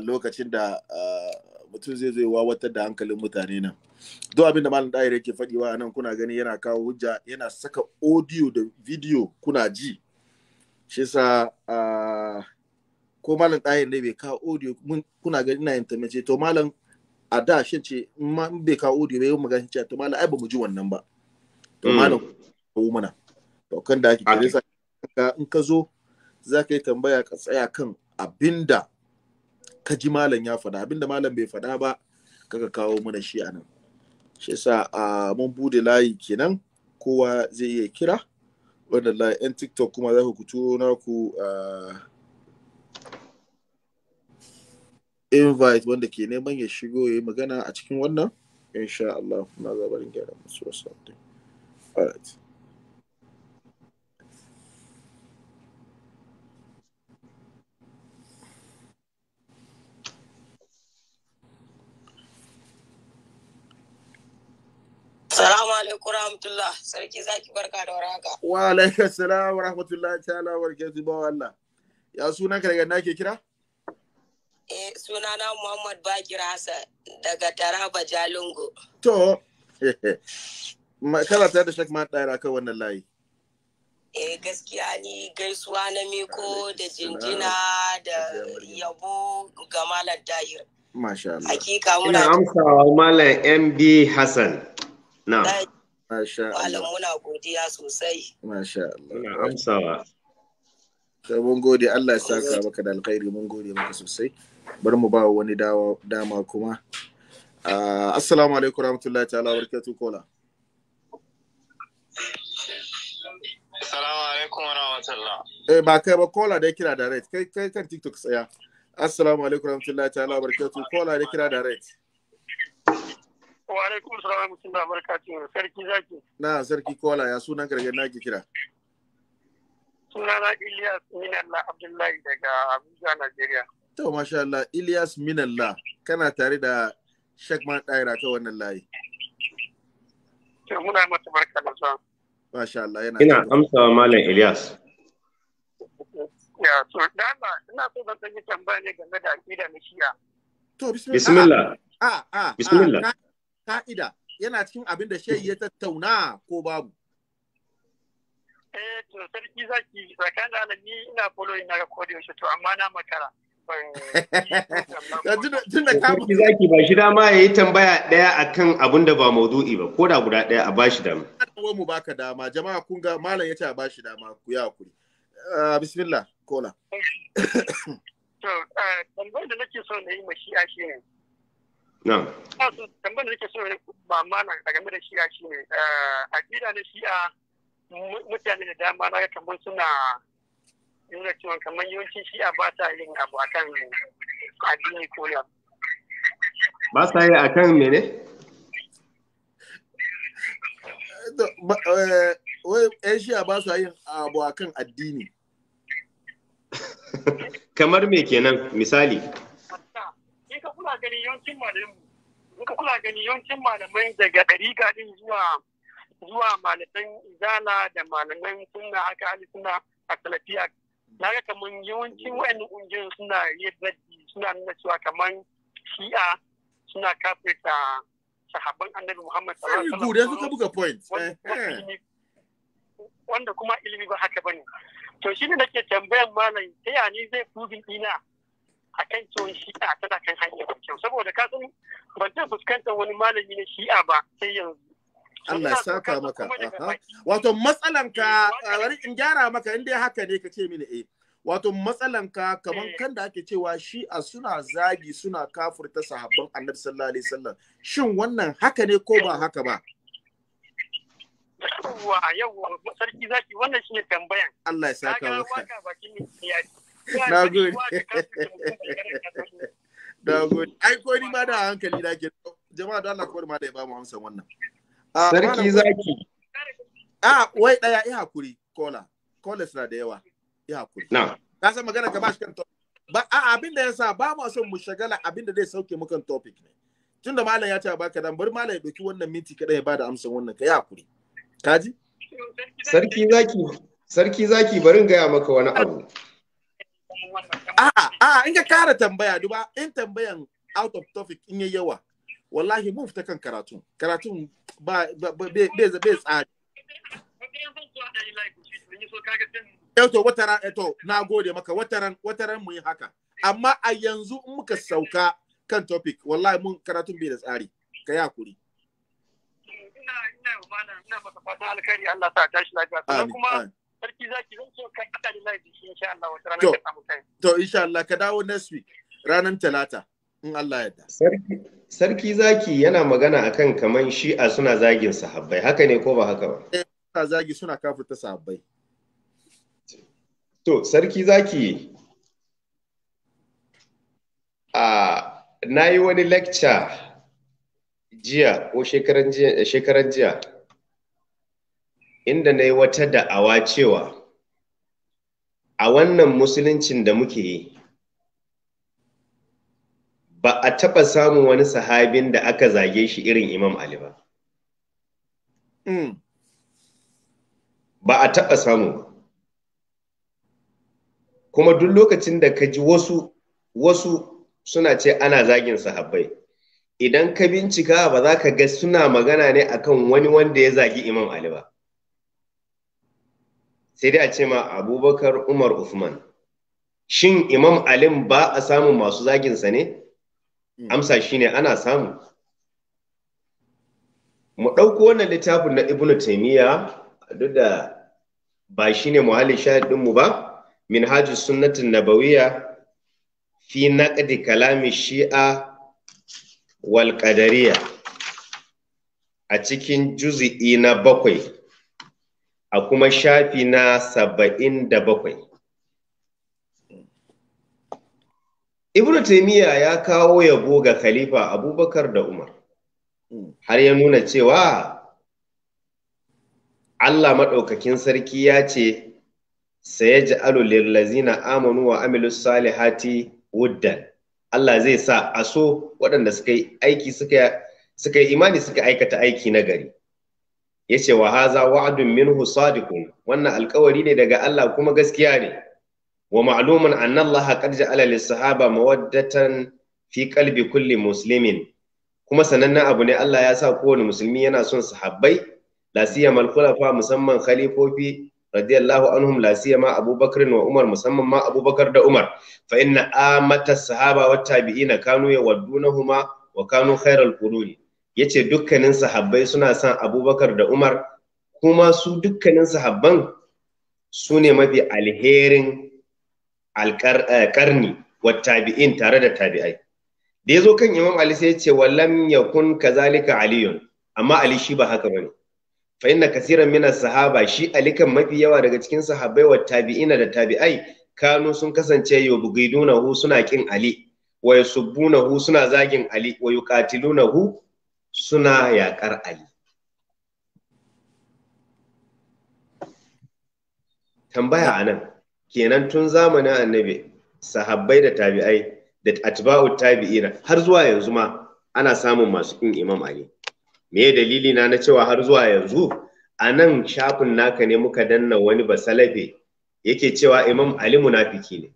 lokacin da mutum zai zo wawatar da hankalin mutane nan duk abin da malam daire yake faɗiwa a nan kuna gani yana kawo hujja yana saka audio da video kuna ji shi sa ko malam daire ne bai kawo audio kuna gani na mace to malam a da shi ce in bai kawo audio bai yi magana ce to malam ai ba mu ji wannan ba to mm. malam ko mana to kan da ake kare sa in ka zo za ka yi tambaya ka tsaya kan abinda ka ji malam ya faɗa abinda malam bai faɗa ba kaka kawo mana shi a nan shi yasa a mun bude layi kenan kowa zai iya kira wannan layi yan tiktok kuma za ku turo naku invite wanda ke neman ya shigo ya yi magana a cikin wannan insha Allah na barin gyara musu wasu alaikum rahmatullah sarki zaki barka da Wa alaikum wa Allah. Ya suna ka kira? Eh suna Muhammad Bakir Hassan daga Taraba Jalingo. To Eh gaskiya ni gaisuwa na miko da jinjina da yabo ga Malam Dahir. Masha Allah. Hakika muna. amsawa Malam MB Hassan. na masha Allah muna godiya sosai masha Allah amsawa sai mun gode Allah ya saka maka da alkhairi mun gode maka sosai bar mu ba wani dama kuma ah, assalamu alaikum warahmatullahi ta'ala barkatu kola assalamu alaikum warahmatullahi eh ba kai ba kola da kira direct kai kai kan tiktok tsaya assalamu alaikum warahmatullahi ta'ala barkatu kola da kira direct Wa alaikum salam mutum da barakatuhu sarki zaki. Na sarki kola ya sunan gargar naki kira. Sunana Ilyas Minalla Abdullahi daga Abuja, Najeriya. To masha Allah Ilyas Minalla kana tare da Shekman Daira ta wannan layi. To muna mata barka da zuwa. Masha Allah yana Ina amsawa Malam Ilyas. Ya so dama ina so zan yi tambaya ne game da akida na Shia. To bismillah. Bismillah. Ah ah. ah bismillah. fa'ida yana cikin abin da shehi ya tattauna ko babu eh to sarki zaki tsakan da ni ina following na recording shi to amma na makara Sarki da kamu zaki ba shi dama yayi tambaya ɗaya a kan abin da ba maudu'i ba ko da guda ɗaya a bashi dama ko mu baka dama jama'a kun ga malam yace a bashi dama ku ya hakuri eh, bismillah kola eh, to eh, tambayar da nake so na yi mashi a shi ne tambayar da nake so ba a game da shi'a shi ne eh, a ƙida na shi'a mutane da dama na suna a kan addini ko ba sa yi a kan mene? yan shi'a ba sa yin abu a kan addini eh, kamar me kenan misali in ka kula gani yawancin malamu ka kula gani yawancin malamai daga ɗari gadin zuwa zuwa malaman izala da malaman suna haka ali suna a talafiya na ga kamar yawancin wayannan ƙungiyoyin suna yadda suna nuna cewa kamar shi'a suna kafirta sahabban annabi muhammad sallallahu alaihi wasallam. buga point. Eh, eh. Wanda kuma ilimi ba haka bane. To shi ne nake tambayan malam ta ya ne zai kubin dina a kan cewa shi'a tana kan hanyar mai kyau saboda ka san ban zai fuskanta wani malami na shi'a ba sai yanzu Allah ya saka maka. Wato matsalanka, eh, bari in gyara maka in dai haka ne ka ce mini eh. Wato matsalanka kamar eh. kan da ake cewa shi'a suna zagi suna kafurta sahabban annabi sallallahu alaihi wasallam. Shin wannan haka ne ko ba haka ba? Yawwa yawwa sarki zaki wannan shine tambayan. Allah ya saka maka. na gode na gode ai ko ni ma da hankali da ke jama'a don Allah ko ma da ya ba mu amsa wannan ah, sarki zaki a ah, wai daya i hakuri kola kola suna da yawa i hakuri na ka san magana ka ba shi kan ba a ah, abin da yasa ba mu son mu shagala abin da zai sauke mu kan topic ne tun da malam ya ce ba ka dan bari malam ya doki wannan minti kaɗan ya ba da amsa wannan ka yi hakuri ji? sarki zaki sarki zaki barin gaya maka wani abu a'a in ka kara tambaya duba in tambayan out of topic in yayi yawa wallahi mun fita kan karatu karatu ba bai bai tsari yau eh to wataran eto eh na gode maka wataran wataran mu yi haka amma a yanzu in muka sauka kan topic wallahi mun karatun bai da tsari ka yi hakuri ina ina ina maka fata alkhairi Allah ta tashi lafiya sannan kuma sarki zaki zan so ka kika da live sha Allah wata rana ka samu kai to insha Allah ka dawo next week ranar talata in Allah ya da. sarki zaki yana magana akan kaman shi'a suna zagin sahabbai haka ne ko ba haka ba eh suna zagi suna kafirta sahabbai to sarki zaki a na yi wani lecture jiya ko shekaran jiya inda na yi wata da'awa cewa a wannan musuluncin da muke yi ba a taɓa samun wani sahabin da aka zage shi irin imam Ali ba. Mm. Ba a taɓa samu ba. Kuma duk lokacin da ka ji wasu, wasu suna ce ana zagin sahabbai. Idan ka bincika ba za ka ga suna magana ne akan wani wanda ya zagi imam Ali ba. sai dai a ce ma abubakar umar Usman. shin imam alim ba a samun masu zaginsa ne hmm. amsa shine ana samu mu ɗauko wannan littafin na ibnu taimiyya duk da ba muhalli muhallin shahidinmu ba min hajji sunnatin nabawiyya fi naqdi kalami shi'a wal qadariyya a cikin juzi'i na bakwai a kuma shafi na saba'in da bakwai. Ibn Taimiyya ya kawo yabo ga Khalifa Abubakar da Umar, har ya nuna cewa Allah maɗaukakin sarki ya ce, Saye ji lazina amanu wa amilus salihati wuddan. Allah zai sa aso waɗanda suka yi aiki suka yi imani suka aikata aiki na gari. yace wa haza wa'dun minhu sadiqun wannan alkawari ne daga Allah kuma gaskiya ne wa ma'lumun anna Allah qad ja'ala lis-sahaba mawaddatan fi qalbi kulli muslimin kuma sanannen abu ne Allah ya sa kowane musulmi yana son sahabbai la siyamal khulafa musamman khalifofi radiyallahu anhum la siyama Abubakar wa Umar musamman ma Abubakar da Umar fa inna amata sahaba wat tabi'ina kanu yawaddunahuma wa kanu khairal quruni Ya ce dukkanin sahabbai suna son abubakar da umar kuma su dukkanin sahabban su ne mafi alherin alƙarni eh, wa tabi'in tare da tabi'ai da ya zo kan imam ali sai ce wallam yakun kazalika aliyun amma ali shi ba haka bane fa inna kasiran min sahaba shi ali kan mafi yawa daga cikin sahabbai wa tabi'ina da tabi'ai kanu sun kasance yubghidunahu suna kin ali wa yasubbunahu suna zagin ali wa yuqatilunahu suna yaƙar Ali. Tambaya a nan, kenan tun zamanin annabi, sahabbai da tabi'ai da atba'u tabi'ina har zuwa yanzu ma ana samun masu kin Imam Ali. Me dalili na na cewa har zuwa yanzu a nan shafin naka ne muka danna wani basalafe yake cewa Imam Ali munafiki ne.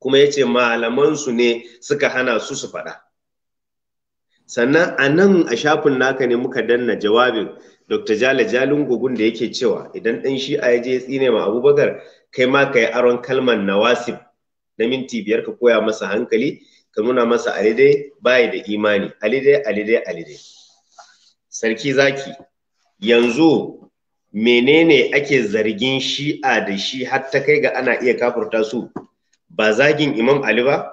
Kuma ya ce malamansu ne suka hana su su faɗa. sannan a nan a shafin naka ne muka danna jawabin dr jale jalin gugun da yake cewa idan ɗan shi a je tsine ma abubakar kai ma ka yi aron kalmar nawasib na minti biyar ka koya masa hankali ka nuna masa alidai bayi da imani alidai alidai alidai sarki zaki yanzu menene ake zargin shi'a da shi har ta kai ga ana iya kafurta su ba zagin imam ali ba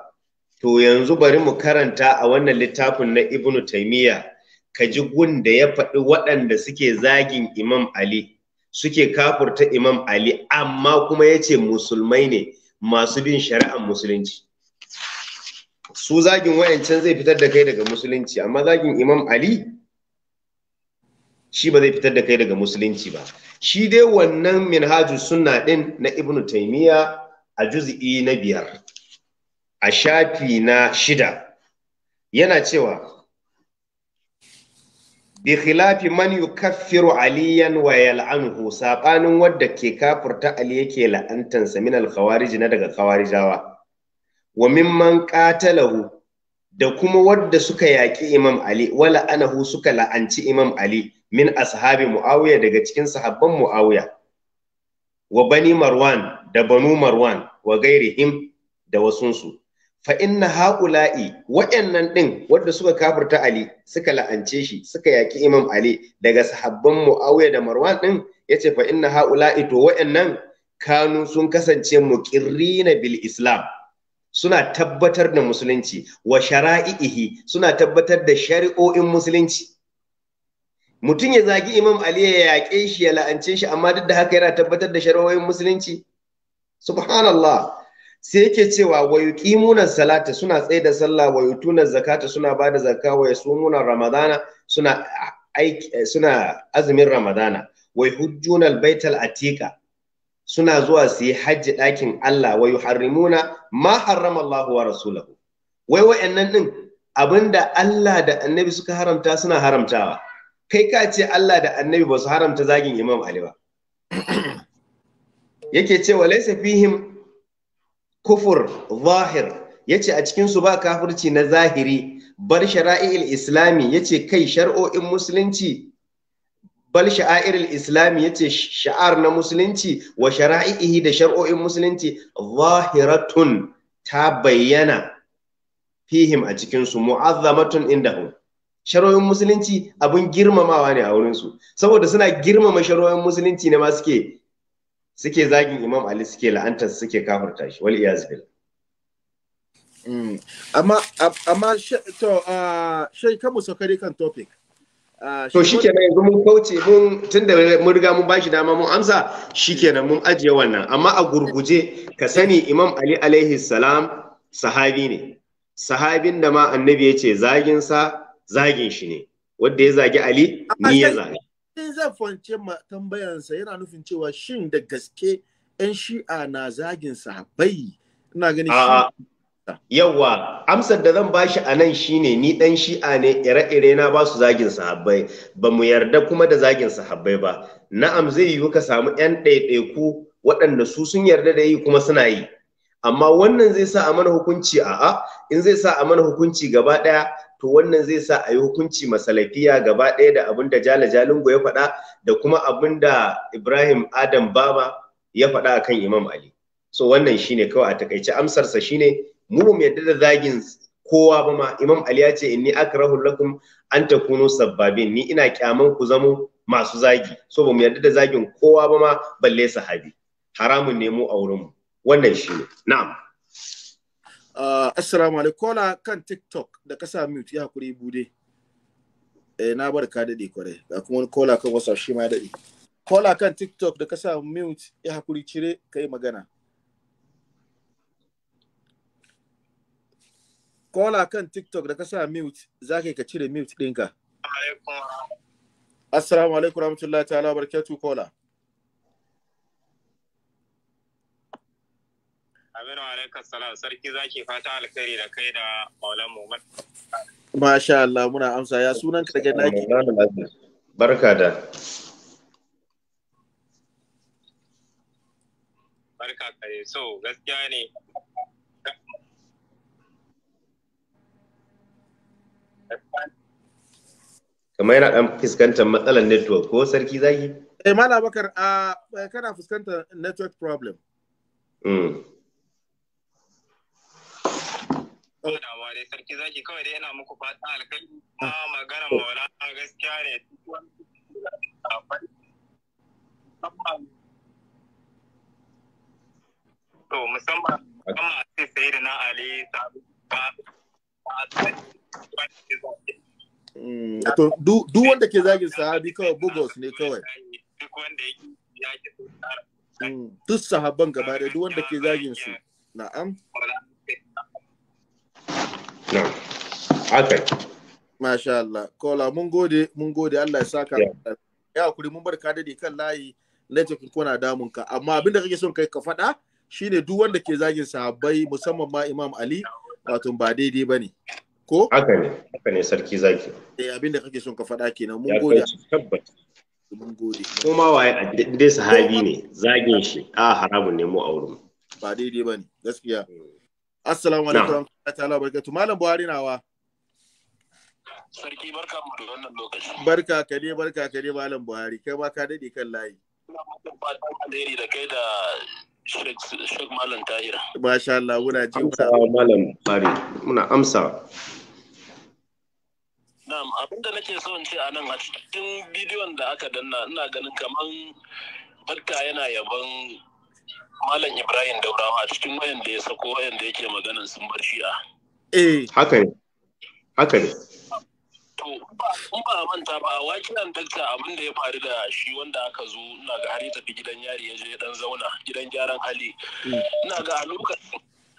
To yanzu bari mu karanta a wannan littafin na Ibn Taymiyyah ka ji da ya faɗi waɗanda suke zagin Imam Ali suke kafurta Imam Ali amma kuma ya ce musulmai ne masu bin shari'ar musulunci. Su zagin wayancan zai fitar da kai daga musulunci amma zagin Imam Ali shi ba zai fitar da kai daga musulunci ba. Shi dai wannan minhajus sunna ɗin na Ibn Taymiyyah a juz'i na biyar. a shafi na shida yana cewa bi khilafi man yukaffiru aliyan wa yal'anhu sabanin wadda ke kafirta ali yake la'antansa min al-khawarij na daga khawarijawa wa mimman qatalahu da kuma wadda suka yaƙi imam ali wala anahu suka la'anci imam ali min ashabi muawiya daga cikin sahabban muawiya wa bani marwan da banu marwan wa gairihim da wasunsu fa inna haula'i wa'annan din wanda suka kafirta Ali suka la'ance shi suka yaki Imam Ali daga sahabban Muawiya da Marwan din yace fa inna haula'i to wa'annan kanu sun kasance muqirrina bil Islam suna tabbatar da musulunci wa shara'ihi suna tabbatar da shari'o'in musulunci mutum ya zagi Imam Ali ya yaƙe shi ya la'ance shi amma duk da haka yana tabbatar da shari'o'in musulunci subhanallah sai yake cewa wa yuqimuna salata suna tsaye da sallah wa yutuna zakata suna ba da zakka wa yasumuna ramadana suna aiki suna azumin ramadana wa yuhujjuna baital atika suna zuwa su yi hajji ɗakin Allah wa yuharrimuna ma harrama Allah wa rasulahu wai wa'annan din abinda Allah da annabi suka haramta suna haramtawa kai ka ce Allah da annabi ba su haramta zagin Imam Ali ba yake cewa laysa fihim kufur zahir ya ce a cikinsu su ba kafirci na zahiri bar shara'il islami ce kai shar'o'in musulunci bal sha'airil islami ce sha'ar na musulunci wa shara'ihi da shar'o'in musulunci zahiratun ta bayyana fihim a cikinsu, su mu'azzamatun indahum sharoyin musulunci abin girmamawa ne a wurinsu saboda suna girmama shar'o'in musulunci ne ma suke suke zagin imam ali suke la'antar suke kafurta shi wal iyaz bil mm. amma amma to uh, shai ka mu sokari kan topic uh, to shikenan yanzu mun kauce mun tunda mun riga mun bashi dama mun amsa shikenan mun ajiye wannan amma a gurguje ka sani imam ali alaihi salam sahabi ne sahabin da ma annabi ya ce zagin sa zagin shi ne wanda ya zagi ali ni ya zagi in zan fahimce tambayansa yana nufin cewa shin da gaske 'yan shi'a na zagin sahabbai ina gani Yawwa, amsar da zan bashi a nan shine ni ɗan shi'a ne ire-ire na ba su zagin sahabbai, ba mu yarda kuma da zagin sahabbai ba. Na'am zai yiwu ka samu 'yan ɗaiɗaiku waɗanda su sun yarda da yi kuma suna yi. Amma wannan zai sa a mana hukunci a'a, in zai sa a mana hukunci gaba ɗaya to wannan zai sa a yi hukunci masalafiya gaba ɗaya da abinda jala jalingo ya faɗa da kuma abinda ibrahim adam baba ya faɗa akan imam ali so wannan shine kawai a takaice amsarsa shine mu mu yadda da zagin kowa ba ma imam ali ya ce inni akrahu lakum an takunu sabbabin ni ina kyaman ku zamo masu zagi so ba mu yarda da zagin kowa ba ma balle sahabi haramun ne mu a wurin mu wannan shine na'am Uh, assalamu alaikum kola kan tiktok da ka sa mute ya hakuri bude eh na barka da dade kware ga kuma wani kola kan wasa shi ma ya dade kola kan tiktok da ka sa mute ya hakuri cire kai magana kola kan tiktok da ka sa mute za ka ka cire mute ɗinka assalamu alaikum rahmatullahi ta'ala barakatuh kola Aminu alaikar salam sarki zaki fata alkhairi da kai da Maulan Muhammad. Masha Allah muna amsa ya sunan ka daga naki. Barka da. Barka kai so gaskiya ne. Kamar yana ɗan fuskantar matsalar network ko sarki zaki? Eh, Mala Bakar, eh, kana fuskantar network problem. Mm. Kodawa dai sarki zaki kawai dai yana muku fata alkai na magana na gaskiya ne. To musamman kama a sai da na Ali sabu mm, To duk wanda ke zagin sahabi kawai bugos ne kawai. Duk wanda ya ke mm, Duk sahabban gaba da duk wanda ke zagin su. Na'am. na'am haka Allah kola mun gode mun gode Allah ya saka ya kuri mun barka da kan layi network ko na damun ka amma abin da kake son kai ka faɗa shine duk wanda ke zagin sahabbai musamman ma Imam Ali wato ba daidai bane ko haka ne haka ne sarki zaki eh abin da kake son ka faɗa kenan mun gode tabbata mun gode kuma waye dai sahabi ne zagin shi a ah, haramun ne mu a wurin ba daidai bane gaskiya hmm. Assalamu alaikum warahmatullahi ta'ala barkatu Malam Buhari nawa. Sarki barka mu da wannan lokaci. Barka ka ne barka ka ne Malam Buhari kai ma ka dade kan layi. Ina maka fatan alheri da kai da Sheikh Malam Tahir. Masha Allah muna ji muna Malam Buhari muna amsa. Na'am abinda nake so in ce a a cikin bidiyon da aka danna ina ganin kaman barka yana yaban Malam Ibrahim Daurawa a cikin wayanda ya sako wayanda yake maganan sun bar shi'a. Eh. Haka ne. Haka ne. To, in ba manta ba, wakilan dakta abin da ya faru da shi wanda aka zo ina ga har ya tafi gidan yari ya je dan zauna gidan gyaran hali. Mm. Ina ga a lokacin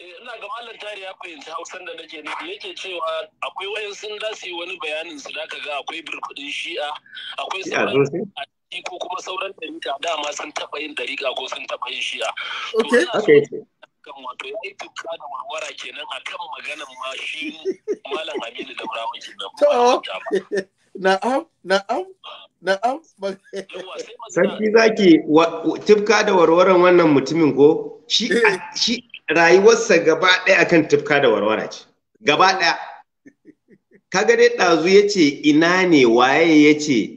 Eh, ina ga malam tare ya fahimci hausan da nake nufi yake cewa akwai wayan sun za su yi wani bayanin su da ga akwai birkudin shi'a akwai sauran ko kuma sauran dariƙa dama sun taɓa yin dariƙa ko sun taɓa yin shi'a. kan wato ya yi tuka da warwara kenan akan maganan ma shi malam Aminu da Burawa kenan. Na'am, na'am, na'am. Sarki zaki tufka da warwaran wannan mutumin ko? Shi eh. rayuwarsa gaba ɗaya akan tufka da warwara ce gaba ɗaya kaga dai ɗazu ya ce ina ne waye ya ce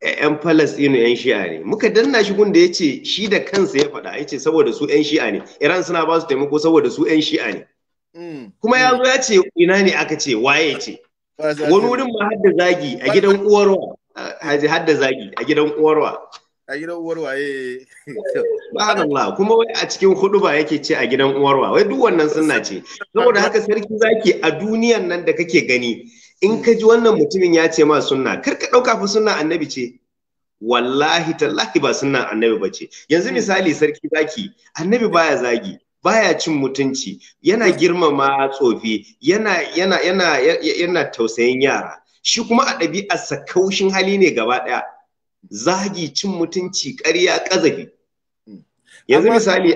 eh, ‘yan Falasɗinu ‘yan shi'a ne muka danna shi gunda ya ce shi da kansa ya faɗa ya ce saboda su ‘yan shi'a ne Iran suna ba su taimako saboda su ‘yan shi'a ne mm. kuma ya mm. zo ya ce ina ne aka ce waye ce wani wurin ma hadda zagi a gidan uwarwa hadda zagi a gidan uwarwa a gidan uwar waye Allah. kuma wai a cikin hudu ba yake ce a gidan uwarwa? wai duk wannan suna ce saboda haka sarki zaki a duniyan nan da kake gani in ka ji wannan mutumin ya ce ma sunna kar ka dauka fa sunna annabi ce wallahi tallahi ba sunna annabi bace yanzu misali sarki zaki annabi baya zagi baya cin mutunci yana girmama tsofi yana yana yana yana tausayin yara shi kuma a ɗabi'arsa kaushin hali ne gaba ɗaya zagi cin mutunci ƙarya ƙazafi hmm. yanzu misali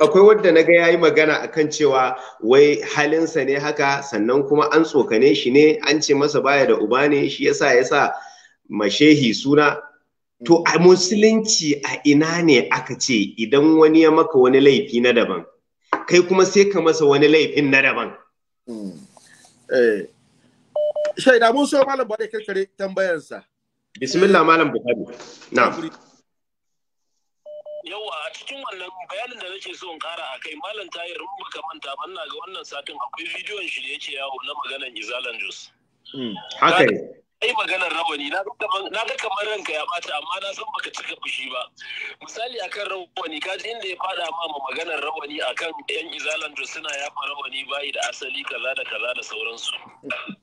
akwai wadda na ga yayi magana akan cewa wai halinsa ne haka sannan kuma an tsokane shi ne an ce masa baya da uba ne shi yasa yasa mashehi suna hmm. to a musulunci a ina ne aka ce idan wani ya maka wani laifi na daban kai kuma sai ka masa wani laifin na daban hmm. eh. shaida mun so malam bada kirkire tambayarsa bismillah malam buhari na yawa a cikin wannan bayanin da nake so in kara a kai malam tayir in baka manta ba ga wannan satin akwai bidiyon shi da yake yawo na maganan izalan jus hmm, haka ne ai maganar rawani na ga kamar ranka ya bata amma na san baka cika fushi ba misali akan rawani ka ji inda ya fada ma maganar rawani akan yan izalan da suna yafa rawani bayi da asali kaza da kaza da sauransu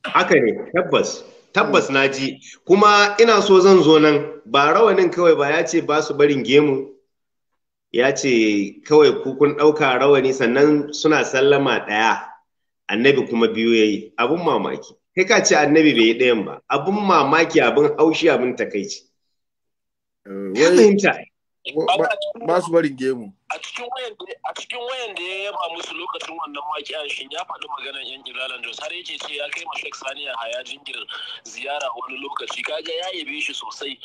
haka ne tabbas tabbas na ji kuma ina so zan zo nan ba rawanin kawai ba ya ce ba su barin gemu ya ce kawai ku ɗauka rawani sannan suna sallama ɗaya annabi kuma biyu ya yi abun mamaki kai ka ce annabi bai yi ɗayan ba abin mamaki abin haushi abin takaici ya eh, fahimta ba su barin gemu a cikin wayan da ya yaba musu lokacin wannan waki a shin ya faɗi maganar yan ilalan jos har yake ce ya kai ma shek sani a haya jingir ziyara wani lokaci kaga ya yabe shi sosai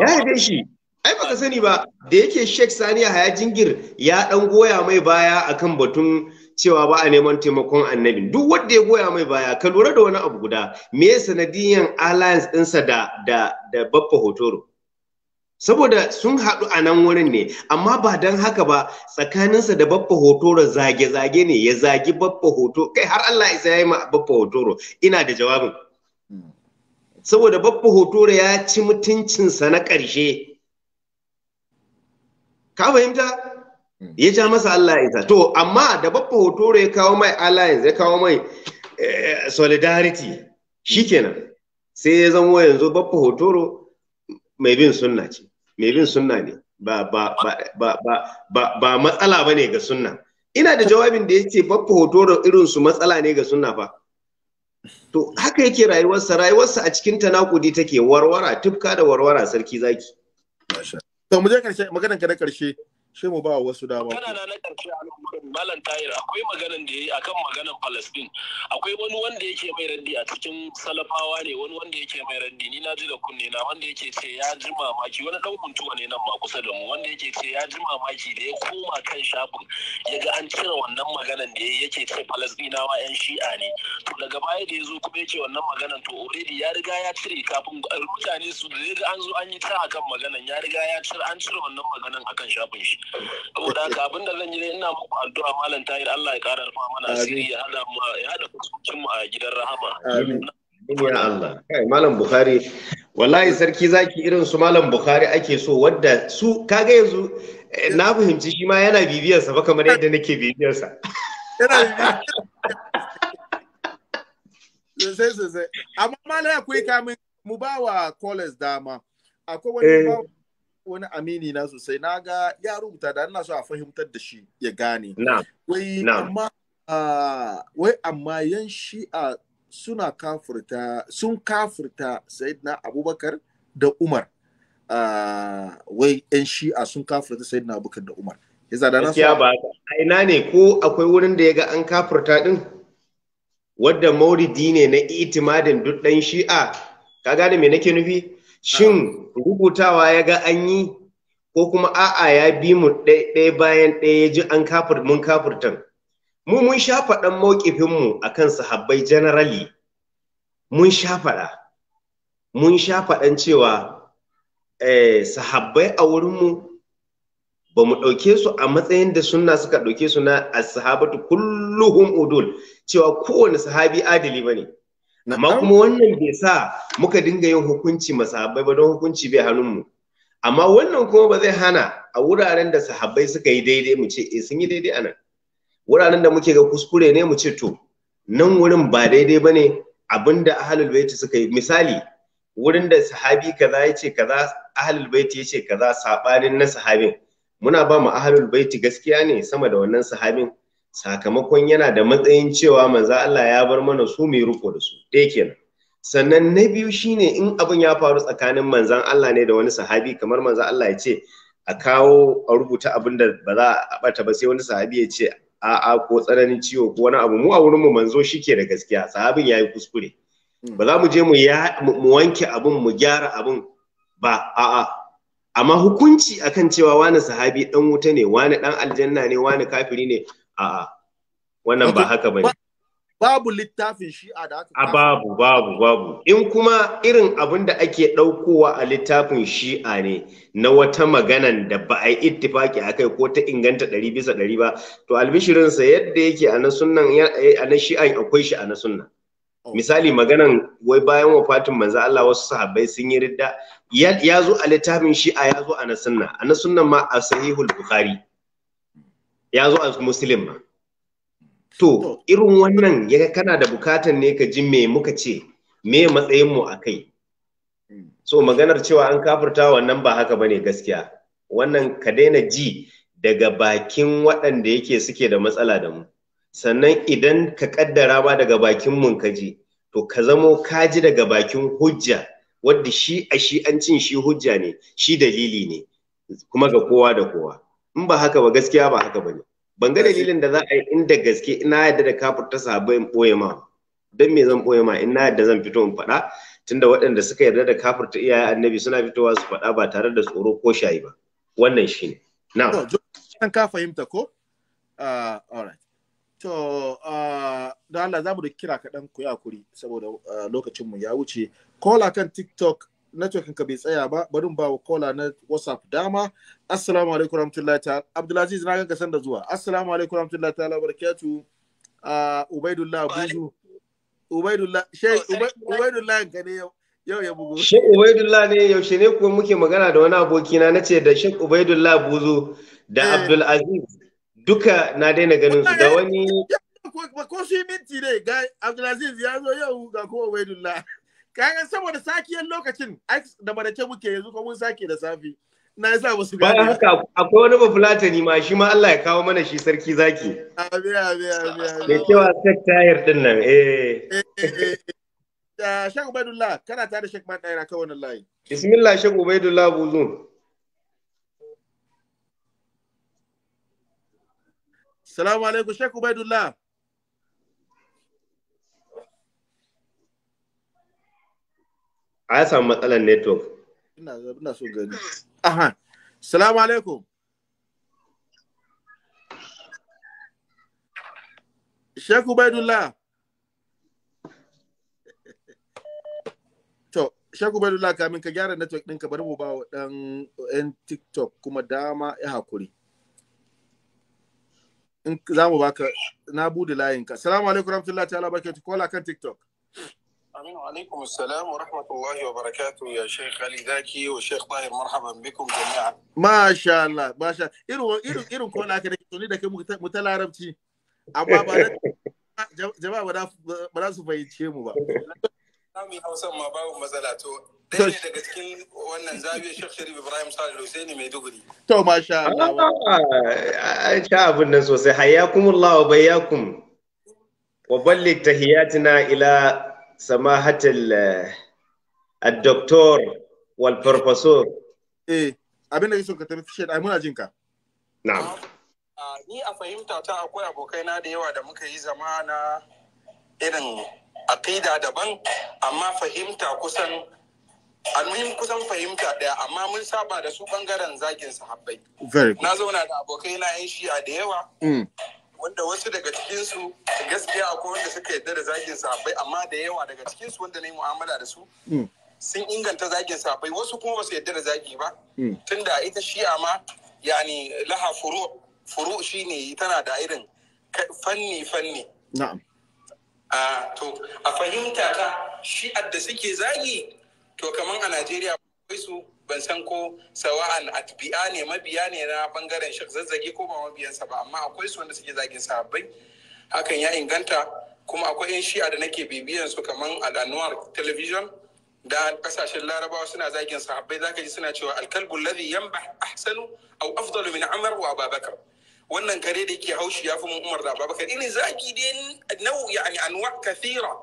ya yabe shi ai baka sani ba da yake shek sani a haya jingir ya ɗan goya mai baya akan batun cewa ba a neman taimakon annabi, duk wanda ya goya mai baya ka lura da wani abu guda me ya sanadiyan alliance ɗinsa da da da babba hotoro saboda sun haɗu a nan wurin ne amma ba don haka ba tsakaninsa da babba hotoro zage-zage ne ya zagi babba hoto kai har Allah isa ya yi ma babba hotoro ina da jawabin saboda babba hotoro ya ci mutuncinsa na ƙarshe ka fahimta Mm. ya ja masa Allah ya isa to amma da babba hotoro ya kawo mai alliance ya kawo mai eh, solidarity mm. kenan, sai ya zama yanzu babba hotoro mai bin sunna ce mai bin sunna ne ba matsala ba ne ga sunna ina da jawabin da ya ce babba hotoro irin su matsala ne ga sunna ba to haka yake rayuwarsa rayuwarsa a cikin ta tanakudi take warwara tufka da warwara sarki zaki to mu je karshe maganar ka na karshe shi mu ba wasu dama. Kana na na ƙarshe a Malam Tahir akwai maganan da ya yi akan maganan Palestine. Akwai wani wanda yake mai raddi a cikin Salafawa ne wani wanda yake mai raddi ni na ji da kunne na wanda yake ce ya ji mamaki wani ɗan kuntuwa ne nan ma kusa da mu wanda yake ce ya ji mamaki da ya koma kan shafin ya ga an cire wannan maganan da ya yake ce Palestinawa 'yan shi'a ne. To daga baya da ya zo kuma ya wannan maganan to already ya riga ya cire kafin mutane su da ya an zo an yi ta akan maganan ya riga ya cire an cire wannan maganan akan shafin shi. saboda haka abin da zan yi ina muku addu'a malam tahir Allah ya kara rufa mana asiri ya hada mu ya hada fuskokin mu a gidan rahama amin ya Allah kai malam bukhari wallahi sarki zaki irin su malam bukhari ake so wadda su kaga yanzu eh, na fahimci shi ma yana bibiyar sa ba kamar yadda nake bibiyar sa yana sai sai amma malam akwai kamin mu ba wa callers dama akwai wani eh. wani amini na sosai na ga ya rubuta da ina so a fahimtar da shi ya gane wai amma wai amma yan shi'a suna kafurta sun kafurta sayyidina abubakar da umar wai yan shi'a sun kafurta sayyidina abubakar da umar yasa da na so ba a ina ne ko akwai wurin da ya ga an kafurta din wadda mauridi ne na itimadin duk dan shi'a ka gane me nake nufi shin rubutawa ya ga an yi ko kuma a'a ya bi mu ɗaya bayan ɗaya ya ji an kafir mun kafirtan mu mun sha faɗan mawƙifinmu a kan sahabbai generally mun sha faɗa mun sha faɗan cewa eh, sahabbai a wurinmu ba mu ɗauke su a matsayin da sunna suka ɗauke su na as-sahabatu kulluhum udul cewa kowane sahabi adali ba ne amma kuma wannan bai sa muka dinga yin hukunci masahabbai ba don hukunci bai mu. amma wannan kuma ba zai hana a wuraren da sahabai suka yi daidai mu ce eh sun yi daidai anan wuraren da muke ga kuskure ne mu ce to nan wurin ba daidai ba ne abinda ahalul baiti suka yi misali wurin da sahabi kaza ya ce kaza ahalul baiti ya ce kaza sabanin na sahabin muna ba mu ahalul baiti gaskiya ne sama da wannan sahabin sakamakon yana da matsayin cewa manzo Allah ya bar mana su mai riko da su ɗaya kenan sannan na biyu shine in abin ya faru tsakanin manzan Allah ne da wani sahabi kamar manzan Allah ya ce a kawo a rubuta abin da ba za a bata ba sai wani sahabi ya ce a'a ko tsananin ciwo ko wani abu mu a wurin mu manzo shike da gaskiya sahabin yayi kuskure hmm. ba za mu je mu mu wanke abin mu gyara abin ba a'a amma hukunci akan cewa wani sahabi dan wuta ne wani dan aljanna ne wani kafiri ne a'a wannan ba haka bane babu littafin shi'a da aka a babu babu babu in kuma irin abin da ake ɗaukowa a littafin shi'a ne na wata maganan da ba a yi ittifaki kai ko ta inganta ɗari bisa ɗari ba to albishirinsa yadda yake a na sunnan a na shi'an akwai shi a na sunna misali maganan wai bayan wafatin manzo Allah wasu sahabbai sun yi ridda ya zo a littafin shi'a ya zo a na sunna a na sunnan ma a sahihul bukhari ya zo a musulun ma to irin wannan ya kana da bukatan ne ka ji me muka ce me matsayin mu a kai hmm. so maganar cewa an kafirta wannan ba haka ba ne gaskiya wannan ka daina ji daga bakin waɗanda yake suke da matsala da mu sannan idan ka kaddara ba daga bakin mun ka ji to ka zamo ka ji daga bakin hujja wadda shi a shi an cin shi hujja ne shi dalili ne kuma ga kowa da kowa in ba haka ba gaskiya ba haka ba ne ban ga dalilin da za a yi inda gaske ina yadda da ta sabo in ɓoye ma don me zan ɓoye ma ina yadda zan fito in faɗa tunda waɗanda suka yarda da ta iyaye annabi suna fitowa su faɗa ba tare da tsoro ko shayi ba wannan shine na kan ka fahimta ko ah, alright to ah, da Allah za mu da kira kaɗan ku ya kuri saboda ah, lokacin mu ya wuce kola kan tiktok networkin ka bai tsaya ba bari ba wa kola na whatsapp dama assalamu alaikum rahmatullahi ta'ala abdulaziz na ganka san da zuwa assalamu alaikum rahmatullahi ta'ala barakatu a ah, ubaidullah abuzu ubaidullah shey ubaidullah ne yau yau ya bugu shek ubaidullah ne yaushe ne kuma muke magana da wani abokina na ce da shek ubaidullah abuzu da eh. abdulaziz duka na daina ganin su da wani ko shi minti ne ga abdulaziz ya zo yau ga kuma ubaidullah kaga saboda sakiyar lokacin da ce muke yanzu kuma mun sake da safi na yasa ba su gane ba haka akwai wani ni ma shi ma Allah ya kawo mana shi sarki zaki abi abi abi da cewa tek tayar din nan eh da eh, eh, eh. Ubaidullah kana tare da shek Man Daira kawai wannan layi bismillah shek Ubaidullah buzun Salamu alaikum Shek Ubaidullah a ya samu matsalar network ina ina so gani aha assalamu alaikum Sheku Ubaidullah to Sheikh Ubaidullah kamin ka gyara network ɗinka bari mu ba wa ɗan ɗan TikTok kuma dama ya hakuri in za mu baka na bude layin ka. Salamu alaikum rahmatullahi ta'ala barkatu kola kan TikTok. امين وعليكم السلام ورحمه الله وبركاته يا شيخ علي ذاكي والشيخ طاهر مرحبا بكم جميعا ما شاء الله ما شاء الله irin irin irin ko naka da tuni da kai mutalarabci amma ba jama'a ba za su mu ba zamu yi hausan ma babu matsala to ɗaya ne daga cikin wannan zabiya shek sharif ibrahim salih husaini mai masha Allah an ah, sha abin nan sosai hayyakumullah wa bayyakum wa ballig tahiyatina ila سماحة الدكتور والبروفيسور eh abin da yake son ka tafi shi ai muna jin ka ni a fahimta ta akwai abokaina da yawa da muka yi zamana irin aqida daban amma fahimta kusan almuhim kusan fahimta ɗaya, amma mun saba da su ɓangaren zagin sahabbai na zauna da abokaina na yan shi'a da yawa wanda wasu daga cikinsu gaskiya akwai wanda suka yadda da zagin sabai amma da yawa daga cikinsu wanda na yi mu'amala da su mm. sun inganta zagin sabai wasu kuma ba su yadda da zagi ba mm. tunda ita shi'a ma yani laha furu furu ne tana da irin fanni fanni na'am a to a fahimta ta shi'ar da suke zagi to kamar a Najeriya akwai su ban san ko sawa'an atbi'a ne mabiya ne na bangaren shek zazzage ko ba mabiyansa ba amma akwai su wanda suke zagin sahabbai hakan ya inganta kuma akwai yan shi'a da nake bibiyan su kamar al'anuwar television da kasashen larabawa suna zagin sahabbai zaka ji suna cewa alkalbu ladhi yanbah ahsanu aw afdalu min umar wa ababakar wannan kare da yake haushi ya fi mun umar da ababakar ini zaki dai nau'i yani anwa kathira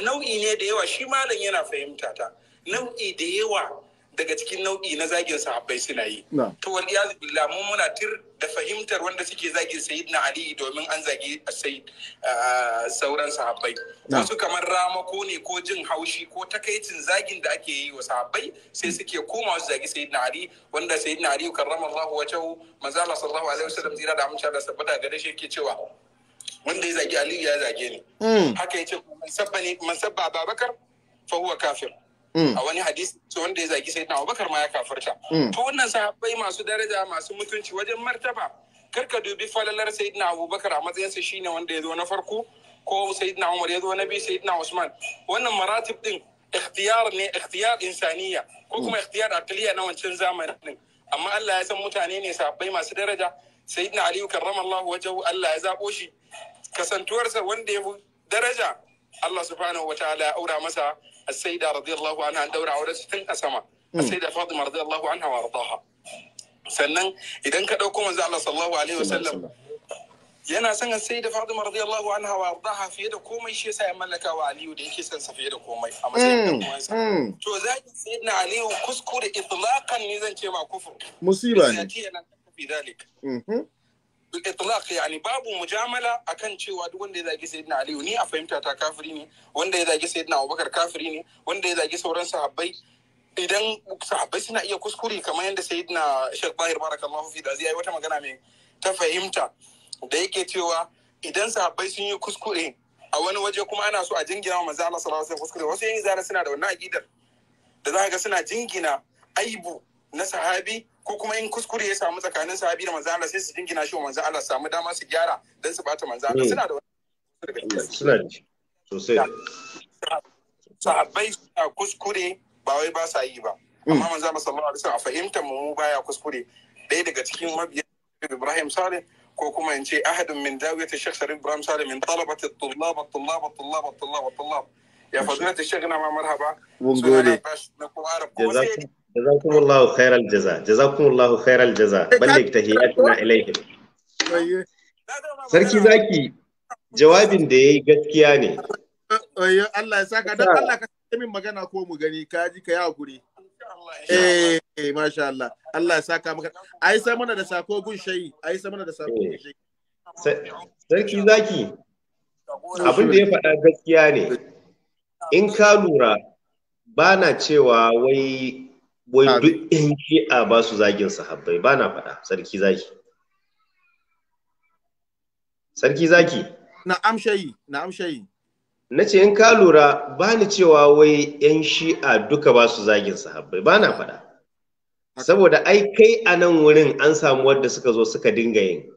nau'i ne da yawa shi malam yana fahimta ta nau'i da yawa daga cikin nau'i na zagin sahabbai suna yi to wani iyaz mu muna tir da fahimtar wanda suke zagin na ali domin an zagi uh, sayyid uh, sauran sahabbai wasu kamar rama ko ne ko jin haushi ko takaicin zagin da ake yi wa sahabbai sai hmm. suke koma su zagi na ali wanda na ali karramallahu wajhahu manzo Allah sallallahu alaihi wasallam zira da amince da sabbata gada shi yake cewa wanda ya zagi aliyu ya zage ni hmm. haka yace man sabba ne man sabba Babakar fa huwa kafir Mm. a wani hadisi wanda ya zagi sai abubakar ma ya kafarta mm. to wannan sahabbai masu daraja masu mutunci wajen martaba kar ka dubi falalar sayyidina abubakar a matsayinsa shine wanda ya zo na farko ko sayyidina umar ya zo na biyu sayyidina usman wannan maratib din ikhtiyar ne ikhtiyar insaniya ko kuma ikhtiyar aqliya na wancan zamanin amma Allah ya san mutane ne sahabbai masu daraja sayyidina aliyu karramallahu wajahu Allah ya zabo shi kasantuwarsa wanda ya daraja Allah subhanahu wa ta'ala ya aura masa as-sayyida radiyallahu anha an daura auren su tun a sama hmm. as-sayyida Fatima radiyallahu anha wa radaha sannan idan ka dauko manzo Allah sallallahu alaihi wasallam yana son as-sayyida Fatima radiyallahu anha wa radaha fiye da komai shi yasa ya mallaka wa Aliyu da yake son sa fiye da komai a matsayin hmm. dan hmm. to ki sayyidina Aliyu kuskure itlaqan ni zan ce ma kufur musiba ne itlaq yani babu mujamala akan cewa duk wanda ya zagi sayyidina aliyu ni a fahimta ta kafiri ne wanda ya zagi sayyidina abubakar kafiri ne wanda ya zagi sauran sahabbai idan sahabbai suna iya kuskure kamar yadda sayyidina shek bahir barakallahu fi da zai yi wata magana mai ta fahimta da yake cewa idan sahabbai sun yi kuskure a wani waje kuma ana so a jingina wa manzo Allah sallallahu alaihi wasallam kuskure wasu yi zara suna da wannan aqidar da za ga suna jingina aibu na sahabi ko kuma in kuskure ya samu tsakanin sahabi da manzan Allah sai su jingina shi wa manzan Allah samu dama su gyara don su bata manzan Allah suna da suna da sosai sahabbai suna kuskure ba wai ba sa yi ba hmm. amma manzan Allah sallallahu alaihi wasallam a fahimta mu mu baya kuskure ɗaya daga cikin mabiyan Ibrahim salim ko kuma in ce ahadun min dawiyat Sheikh Sharif Ibrahim salim min talabat at-tullab at-tullab at-tullab at-tullab at-tullab ya fadilatu Sheikh na ma marhaba mun gode na kuma Arab ko sai جزاكم الله خير الجزاء جزاكم الله خير الجزاء بلغ تحياتنا إليكم سركي زاكي jawabin da ya yi gaskiya ne Allah ya saka don Allah magana ko mu gani ka ji ka yi hakuri eh masha Allah Allah maka ai sai mana da sako gun shayi ai sai mana da sako gun shayi eh, sarki zaki abin da ya faɗa gaskiya ne in ka lura bana cewa wai wai duk yan shi'a ba su zagin sahabbai ba na faɗa sarki zaki sarki zaki na amshayi na amshayi na ce in ka lura ba ni cewa wai yan shi'a duka ba su zagin sahabbai ba na faɗa saboda ai kai a nan wurin an samu wadda suka zo suka dinga yin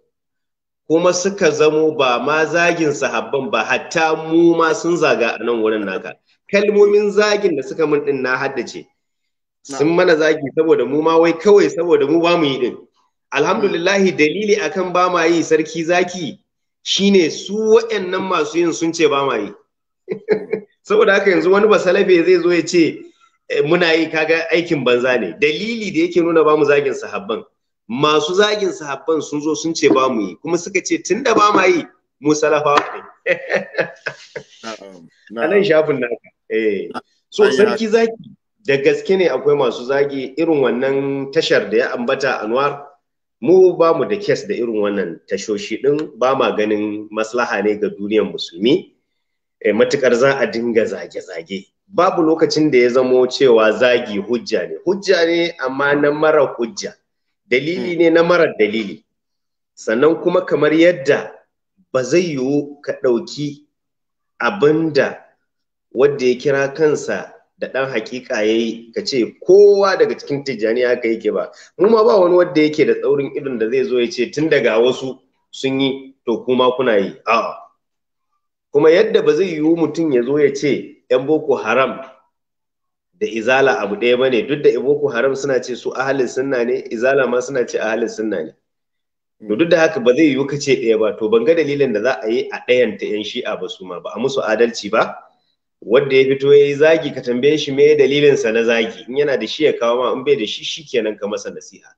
kuma suka zamo ba ma zagin sahabban ba hatta mu ma sun zaga a nan wurin naka kalmomin zagin da suka mun din na haddace sun mana zagi saboda mu ma wai kawai saboda mu ba mu yi din alhamdulillahi hmm. dalili akan ba ma yi sarki zaki shine su wa'annan masu yin sun ce ba ma yi saboda haka yanzu wani basalabe zai zo ya ce eh, muna yi kaga aikin banza ne dalili da yake nuna ba mu zagin sahabban masu zagin sahabban sun zo sun ce ba mu yi kuma suka ce tunda ba ma yi mu salafawa ne a nan shafin naka eh. so sarki zaki da gaske ne akwai masu zagi irin wannan tashar da ya ambata anwar mu ba mu da kes da irin wannan tashoshi din ba ma ganin maslaha ne ga duniyar musulmi e, eh, matukar za a dinga zage-zage babu lokacin da ya zamo cewa zagi hujja ne hujja ne amma na mara hujja dalili ne na mara dalili sannan kuma kamar yadda ba zai yiwu ka ɗauki abinda wadda ya kira kansa da ɗan hakika yayi yi ka ce kowa daga cikin tijjani haka yake ba mu ma ba wani wanda yake da tsaurin irin da zai zo ya ce tun daga wasu sun yi to kuma kuna yi a kuma yadda ba zai yiwu mutum ya zo ya ce yan boko haram da izala abu ɗaya ba ne duk da boko haram suna ce su ahalin sunna ne izala ma suna ce ahalin sunna ne to duk da haka ba zai yiwu ka ce ɗaya ba to ban ga dalilin da za a yi a ɗayan ta yan shi'a ba su ma ba a musu adalci ba wanda ya fito ya yi zagi ka tambaye shi me dalilinsa na zagi in yana da shi ya kawo ma in bai da shi shikenan ka masa nasiha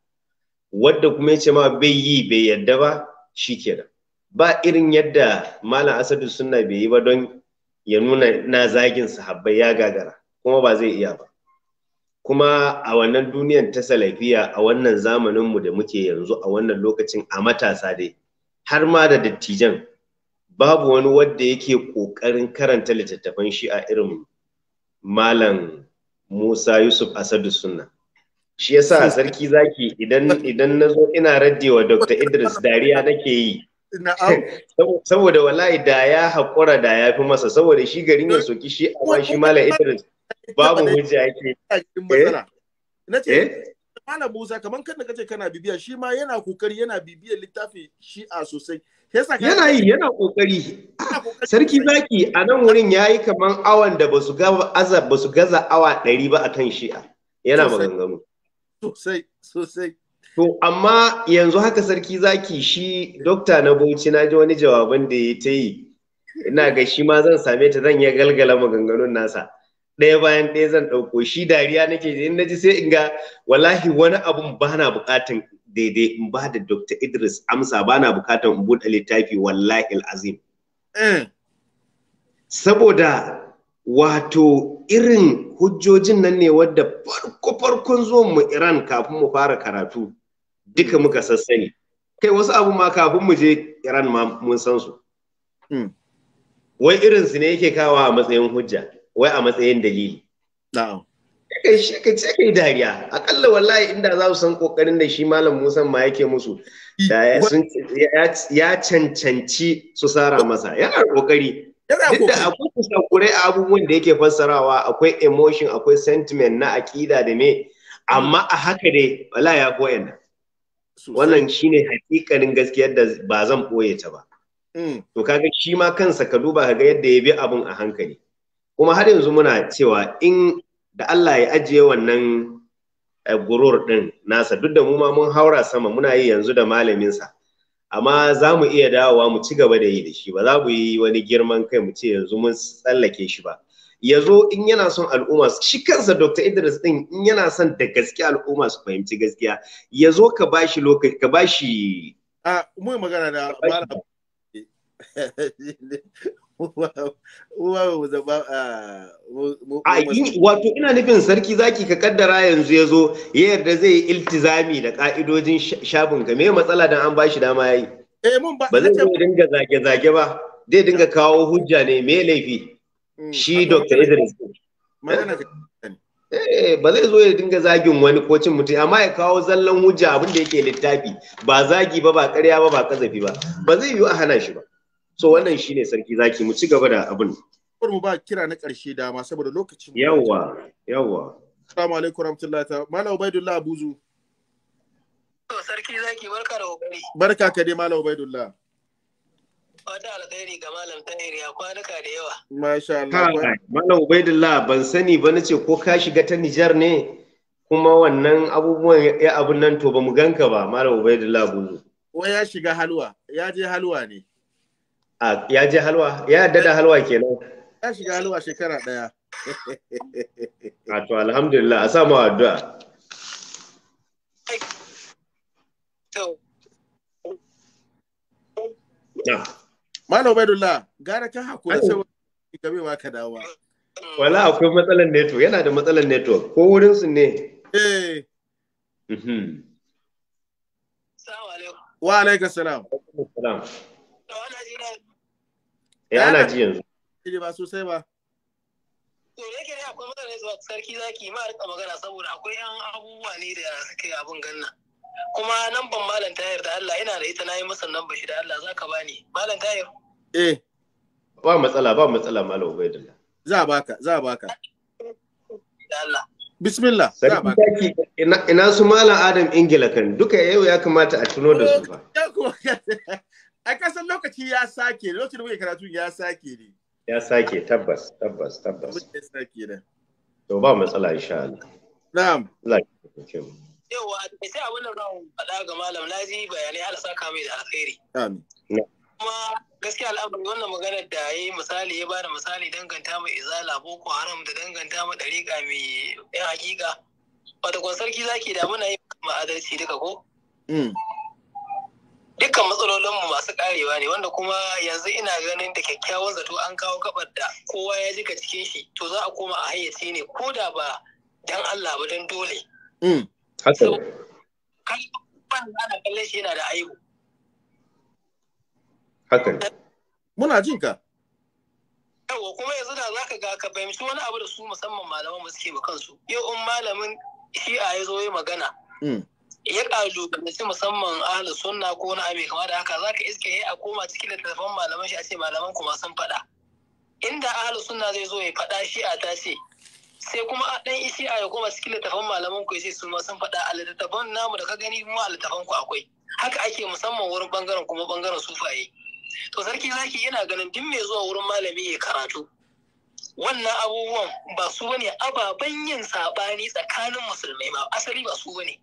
wadda kuma ya ce ma bai yi bai yadda ba shikenan ba irin yadda malam asadu sunna bai yi ba don ya nuna na zagin sahabbai ya gagara kuma ba zai iya ba kuma a wannan duniyar ta salafiya a wannan zamaninmu da muke yanzu a wannan lokacin a matasa dai har ma da dattijan babu wani wadda yake ƙoƙarin karanta littattafan shi a irin malam Musa Yusuf Asadu Sunna. Shi yasa sarki zaki idan idan na zo ina raddewa Dr. Idris dariya nake yi. Saboda wallahi da ya haƙura da ya fi masa saboda shi garin ya soki shi amma shi malam Idris babu hujja yake. Na eh? ce, eh? Malam Musa, kamar kan da kace kana bibiya, shi ma yana kokari yana bibiyar littafin shi'a sosai. yana yi yana kokari ah, sarki zaki a nan wurin ya yi kaman awan da basu gaza basu gaza awa ɗari ba akan shi'a yana maganganu sosai sosai to amma yanzu haka sarki zaki shi dokta na bauchi na ji wani jawaban da ya ta yi ina ga shi ma zan same ta zan ya galgala maganganun nasa ɗaya bayan ɗaya zan ɗauko shi dariya nake in na ji sai in ga wallahi wani abun bana na buƙatan daidai in ba da Dr. Idris amsa bana na bukatar in buɗe littafi wallahi azim. Eh. Saboda wato irin hujjojin nan ne wadda farko-farkon zuwan mu Iran kafin mu fara karatu duka hmm. muka sassani. Kai wasu abu ma kafin mu je Iran ma mun san su. Hmm. Wai irinsu ne yake kawo a matsayin hujja, wai a matsayin dalili. Na'am. shi ka kai dariya akalla wallahi inda za su san kokarin da shi malam musan ma yake musu ya cancanci su sara masa yana kokari duk da akwai kusakurai a abubuwan da yake fassarawa akwai emotion akwai sentiment na akida da me amma a haka dai wala ya koya na wannan shine hakikanin gaskiyar da ba zan boye ta ba mm. to kaga shi ma kansa ka duba kaga yadda ya bi abun a hankali kuma har yanzu muna cewa in da Allah ya ajiye wannan eh, gurur din nasa duk da mu ma mun haura sama muna yi yanzu da malamin sa amma za mu iya dawowa mu ci gaba da yi da shi ba za mu yi wani girman kai mu ce yanzu mun tsallake shi ba ya zo in yana son al'umma shi kansa dr idris din in yana son da gaske al'umma su fahimci gaskiya ya zo ka bashi lokaci ka bashi a ah, mu magana da a wato ina nufin sarki zaki ka kaddara yanzu ya zo ya yarda zai yi iltizami da ka'idojin shafin ka me matsala don an bashi dama ya yi eh, ba zai zai dinga zage zage ba zai dinga kawo hujja ne me laifi mm, shi Dr. Idris Eh ba zai zo ya dinga zagin wani ko cin mutum amma ya kawo zallan hujja abin da yake littafi ba zagi ba ba ƙarya ba ba kazafi ba ba zai yiwu a hana shi ba so wannan shine sarki zaki mu ci gaba da abin bari mu ba kira na ƙarshe dama saboda lokacin yawa yawa assalamu alaikum warahmatullahi ta'ala malam ubaidullah abuzu to sarki zaki barka da kokari barka ka dai malam ubaidullah Wata alkhairi ga Malam Tahir ya kwanuka da yawa. Masha Allah. Malam Ubaidullah ban sani ba nace ko ka shiga ta Nijar ne kuma wannan abubuwan ya abin nan to ba mu ganka ba Malam Ubaidullah Abuzu. Wai ya shiga halwa, ya je halwa ne. ya je halwa ya yadda da halwa kenan ya shiga halwa shekara daya a to alhamdulillah a samu addu'a Malam Ubaidullah, gara ka hakuri sai game ma ka dawo. Wala akwai matsalar network, yana da matsalar network. Ko wurin su ne? Eh. Mhm. Wa alaikum salam. Wa alaikum salam. eh ana ji yanzu ba sosai ba to da yake akwai mutane zuwa sarki zaki ma rika magana saboda akwai yan abubuwa ne da suke abun ganna kuma nan ban malam tayar da Allah ina da ita nayi masa nan shi da Allah zaka bani malam tayar eh ba matsala ba matsala malam ubaidullah za baka za baka bismillah za baka ina su malam adam ingila kan duka yau ya kamata a tuno da su ba ai kasan lokaci ya sake lokacin da muke karatu ya sake ne ya sake tabbas tabbas tabbas ya sake ne to ba matsala insha Allah na'am Allah ya kike mu yawa sai abin da zan faɗa ga malam na bayanai Allah saka mai da alkhairi amin kuma gaskiya al'amari wannan maganar da ya yi misali ya bada misali danganta mai izala boko haram da danganta mu dariƙa mai yan hakika wata kwan sarki zaki da muna yi ma'adarci duka ko mm. dukkan matsalolinmu masu karewa ne wanda kuma yanzu ina ganin da kyakkyawan zato an kawo kabar da kowa ya ka cikin shi to za a koma a hayyace ne ko da ba dan Allah ba dan dole. Mm. Haka ne. ana kallon shi yana da aibu. Haka Muna jin ka. yawa kuma yanzu da zaka ga ka fahimci wani abu da su musamman malaman mu suke ba kansu. Yau in malamin shi'a ya zo yi magana. Mm. ya kalubalanci musamman ahalin sunna ko na abu kama da haka za ka iske a koma cikin littattafan malaman shi a ce malaman kuma sun faɗa inda ahalin sunna zai zo ya faɗa shi a ta ce sai kuma a ɗan isi a ya koma cikin littattafan malaman ku ya ce sun sun faɗa a littattafan namu da ka gani kuma a littattafan ku akwai haka ake musamman wurin bangaren kuma bangaren sufaye to sarki zaki yana ganin duk mai zuwa wurin malami ya karatu wannan abubuwan ba su bane ababen yin saɓani tsakanin musulmai ba asali ba su bane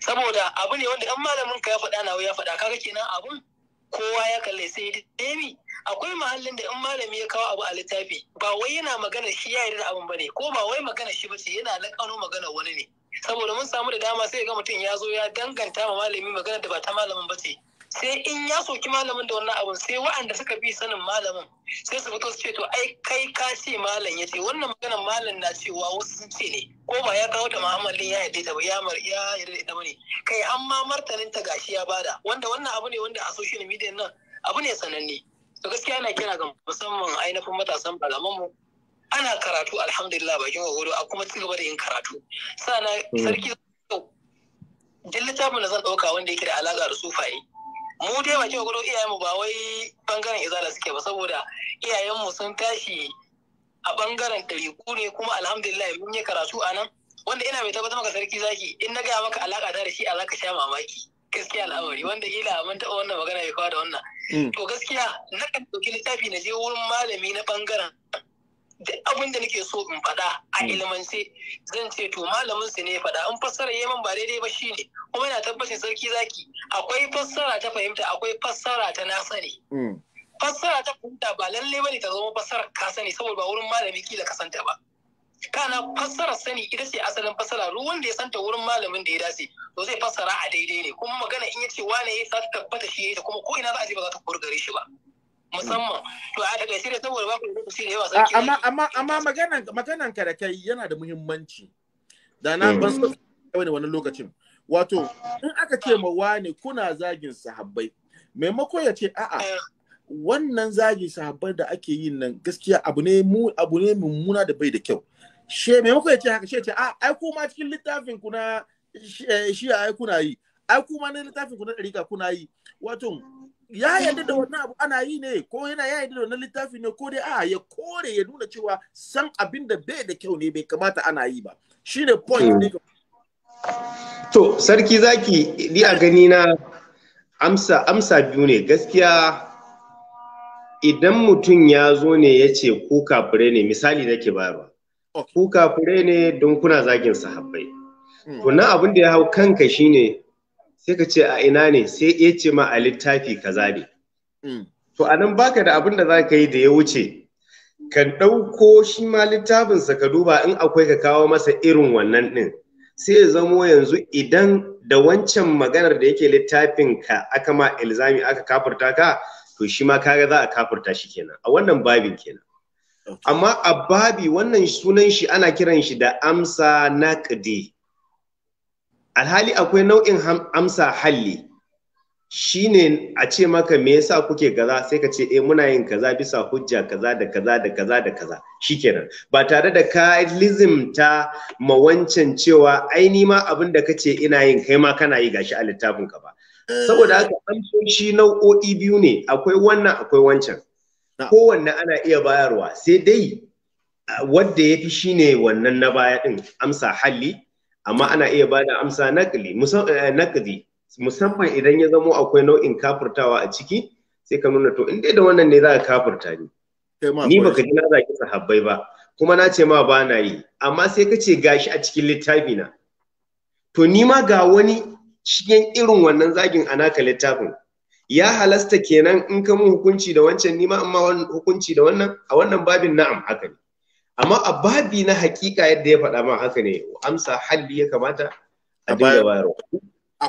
saboda abu ne wanda 'yan malamin ka ya faɗa na, ya faɗa kaga kenan abun kowa ya kalle sai dami akwai mahallin da 'yan malami ya kawo abu a littafi ba wai yana magana shi ya yarda abin bane ko ba wai magana shi bace yana lakano magana wani ne saboda mun samu da dama sai ga mutum ya zo ya danganta ma malami magana da ba ta malamin bace sai in ya soki malamin da wannan abun sai wa'anda suka bi sanin malamin sai su fito su ce to ai kai ka ce malam ya ce wannan maganar malam na cewa wasu sun ce ne ko ba ya kawo ta ya yarda ta ba ya mar ya yarda ita ne kai amma martanin ta gashi ya bada wanda wannan abu ne wanda a social media nan abu ne sananne to gaskiya ana kira ga musamman ainihin matasan malaman mu ana karatu alhamdulillah bakin gwagwado a kuma cigaba da yin karatu sana mm. sarki duk littafin da zan ɗauka wanda yake da alaƙa da sufaye mu dai ba kyau gudu iyayenmu ba wai bangaren izala suke ba saboda iyayenmu sun tashi a bangaren ɗariku ne kuma alhamdulillah mun yi karatu a nan wanda ina mai tabbatar maka sarki zaki in na gaya maka alaka da shi a zaka sha mamaki gaskiya al'amari wanda kila mun taɓa wannan magana bai kawo da wannan mm. to gaskiya na kan ɗauki littafi na je wurin malami na bangaren duk abin da nake so in faɗa a hmm. ilimance zan ce to malamin su ne faɗa in fassara man ba daidai ba shi ne kuma yana tabbacin sarki zaki akwai fassara ta fahimta akwai fassara ta na sani hmm. fassara ta fahimta ba lalle bane ta zama fassara ka sani saboda ba wurin malami kila ka santa ba kana fassara sani ita ce asalin fassara ruwan da ya santa wurin malamin da ya dace to zai fassara a daidai ne kuma magana in ya ce wane ya sa tabbata shi ya yi ta kuma ko ina za a je ba za ta kurgare shi ba musamman to a amma amma maganan maganan ka da kai yana da muhimmanci da na mm. ban so wani wani lokacin wato in aka ce ma wani kuna zagin sahabbai maimako ya ce a'a eh. wannan zagin sahabbai da ake yin nan gaskiya abu ne mu abu ne mummuna da bai da kyau she maimako ya ce haka she ce a ai ku ma cikin littafin ku na shi eh, ai kuna yi ai ma na littafin ku na dariƙa kuna yi wato ya yadda da wannan abu ana yi ne ko yana ya yarda da wannan littafi ne ko dai a ya kore ya nuna cewa san abin da bai da kyau ne bai kamata ana yi ba shine point hmm. ne to sarki zaki ni a gani na amsa amsa biyu ne gaskiya idan mutum ya zo ne ya ce ku fure ne misali ke bayarwa ku kafire ne don kuna zagin sahabbai hmm. to na abin da ya hau kanka shine sai ka ce a ina ne sai ya ce ma a littafi ka ne mm. to a nan baka da abin da za ka yi da ya wuce ka ɗauko shi ma littafinsa ka duba in akwai ka kawo masa irin wannan ɗin sai ya zamo yanzu idan da wancan maganar da yake littafin ka aka ma ilzami aka kafurta ka to shi ma kaga za a kafurta shi kenan a wannan babin kenan amma a babi wannan sunan shi ana kiran shi da amsa naƙidi alhali akwai nau'in amsa halli shine a ce maka me yasa kuke gaza sai ka ce eh muna yin kaza bisa hujja kaza da kaza da kaza da kaza shikenan ba tare da ka ta ma wancan cewa ai ni ma abin da kace ina yin kai ma kana yi gashi a littafin ka ba saboda haka amsoshi nau'o'i biyu ne akwai wannan akwai wancan kowanne ana iya bayarwa sai dai wadda ya fi shine wannan na baya din amsa halli amma ana iya ba da amsa nakali eh, nakali musamman idan ya zamo akwai nau'in kafurtawa a ciki sai ka nuna to inda dai da wannan ne za ka kafurta ni ni baka ji na zaki sahabbai ba kuma na ce ma ba na yi amma sai ka ce gashi a cikin littafi na to ni ma ga wani cikin irin wannan zagin a naka littafin ya halasta kenan in ka mun hukunci da wancan ni ma amma hukunci da wannan a wannan babin na'am haka ne amma a babi na hakika yadda ya faɗa ma haka ne amsa halli ya kamata a dinga bayarwa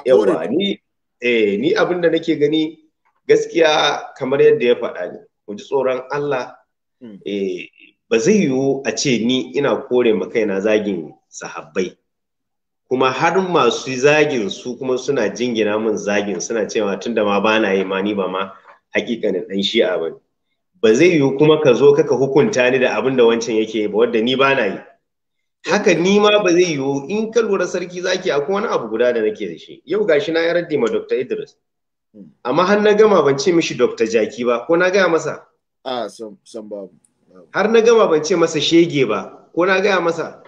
yawa ni eh ni abin da nake gani gaskiya kamar yadda ya faɗa ne ku ji tsoron Allah hmm. eh ba zai yiwu a ce ni ina kore ma kaina zagin sahabbai kuma har masu zagin su kuma suna jingina min zagin suna cewa tunda ma bana yi ma ni ba ma hakikanin dan shi'a bane ba zai yiwu kuma ka zo kaka hukunta ni da abin da wancan yake ba wadda ni ba na yi haka ni ma ba zai yiwu in ka lura sarki zaki akwai wani abu guda da nake da shi yau gashi na yarda ma Dr. Idris hmm. amma har na gama ban ce mishi Dr. Jaki ba ko na gaya masa a san san babu har na gama ban ce masa shege ba ko na gaya masa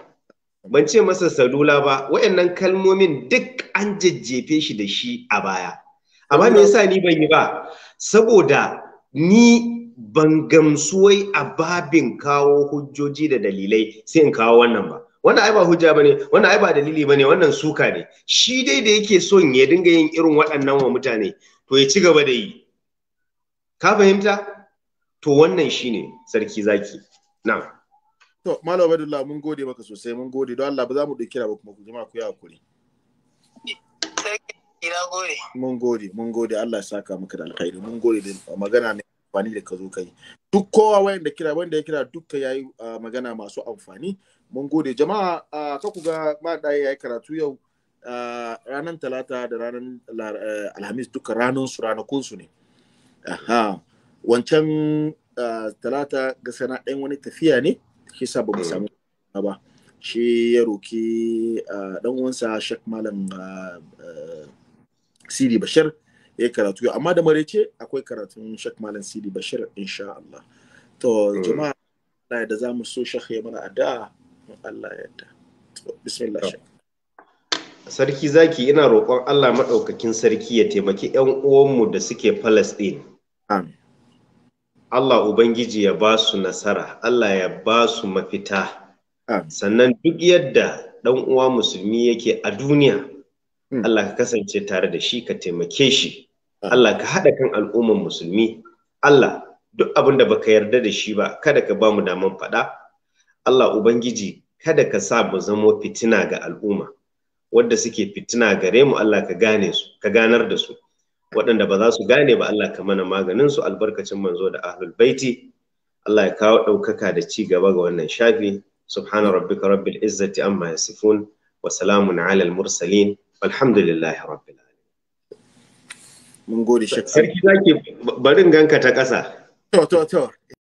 ban ce masa salula ba wayannan kalmomin duk an jajjefe shi da shi a baya amma me yasa ni ban yi ba saboda ni ban gamsuwai a babin kawo hujjoji da dalilai sai in kawo wannan ba wannan ai ba hujja bane wannan ai ba dalili bane wannan suka ne shi dai da yake son ya dinga yin irin waɗannan wa mutane to ya ci gaba da yi ka fahimta to wannan shine sarki zaki na. to malam abdullah mun gode maka sosai mun gode don Allah ba za mu dauki ba kuma ku ma ku yi hakuri mun gode mun gode Allah ya saka maka da alkhairi mun gode da magana ne amfani da ka zo kai duk kowa wanda kira wanda ya kira dukka yayi magana masu amfani mun gode jama'a ka ku ga ma da yayi karatu yau ranar talata da ranar alhamis duka ranar su ranakun su ne wancan talata ga sana ɗan wani tafiya ne shi sa ba samu ba shi ya roki dan uwansa shek malam siri bashir ya karatu amma da marece akwai karatun shek Malam Sidi Bashir insha Allah to eh. jama'a Allah da za mu so shek ya mana ada Allah ya yarda bismillah shek Sarki zaki ina roƙon Allah maɗaukakin sarki ya taimaki 'yan uwanmu da suke Palestine. Amin. Allah Ubangiji ya ba su nasara, Allah ya ba su mafita. Sannan duk yadda ɗan uwa musulmi yake a duniya, Hmm. Allah ka kasance tare da shi ka taimake shi Allah ka haɗa kan al'umman musulmi Allah duk abin da baka yarda da shi ba kada ka ba mu daman faɗa Allah ubangiji kada ka sa mu zamo fitina ga al'umma wadda suke fitina gare mu Allah ka gane su ka ganar da su waɗanda ba za su gane ba Allah ka mana maganin su albarkacin manzo da ahlul baiti Allah ya kawo ɗaukaka da ci gaba ga wannan shafi subhana rabbika rabbil izzati amma yasifun wa salamun alal mursalin alhamdulillah rabbil mun gode shi barin ganka ta ƙasa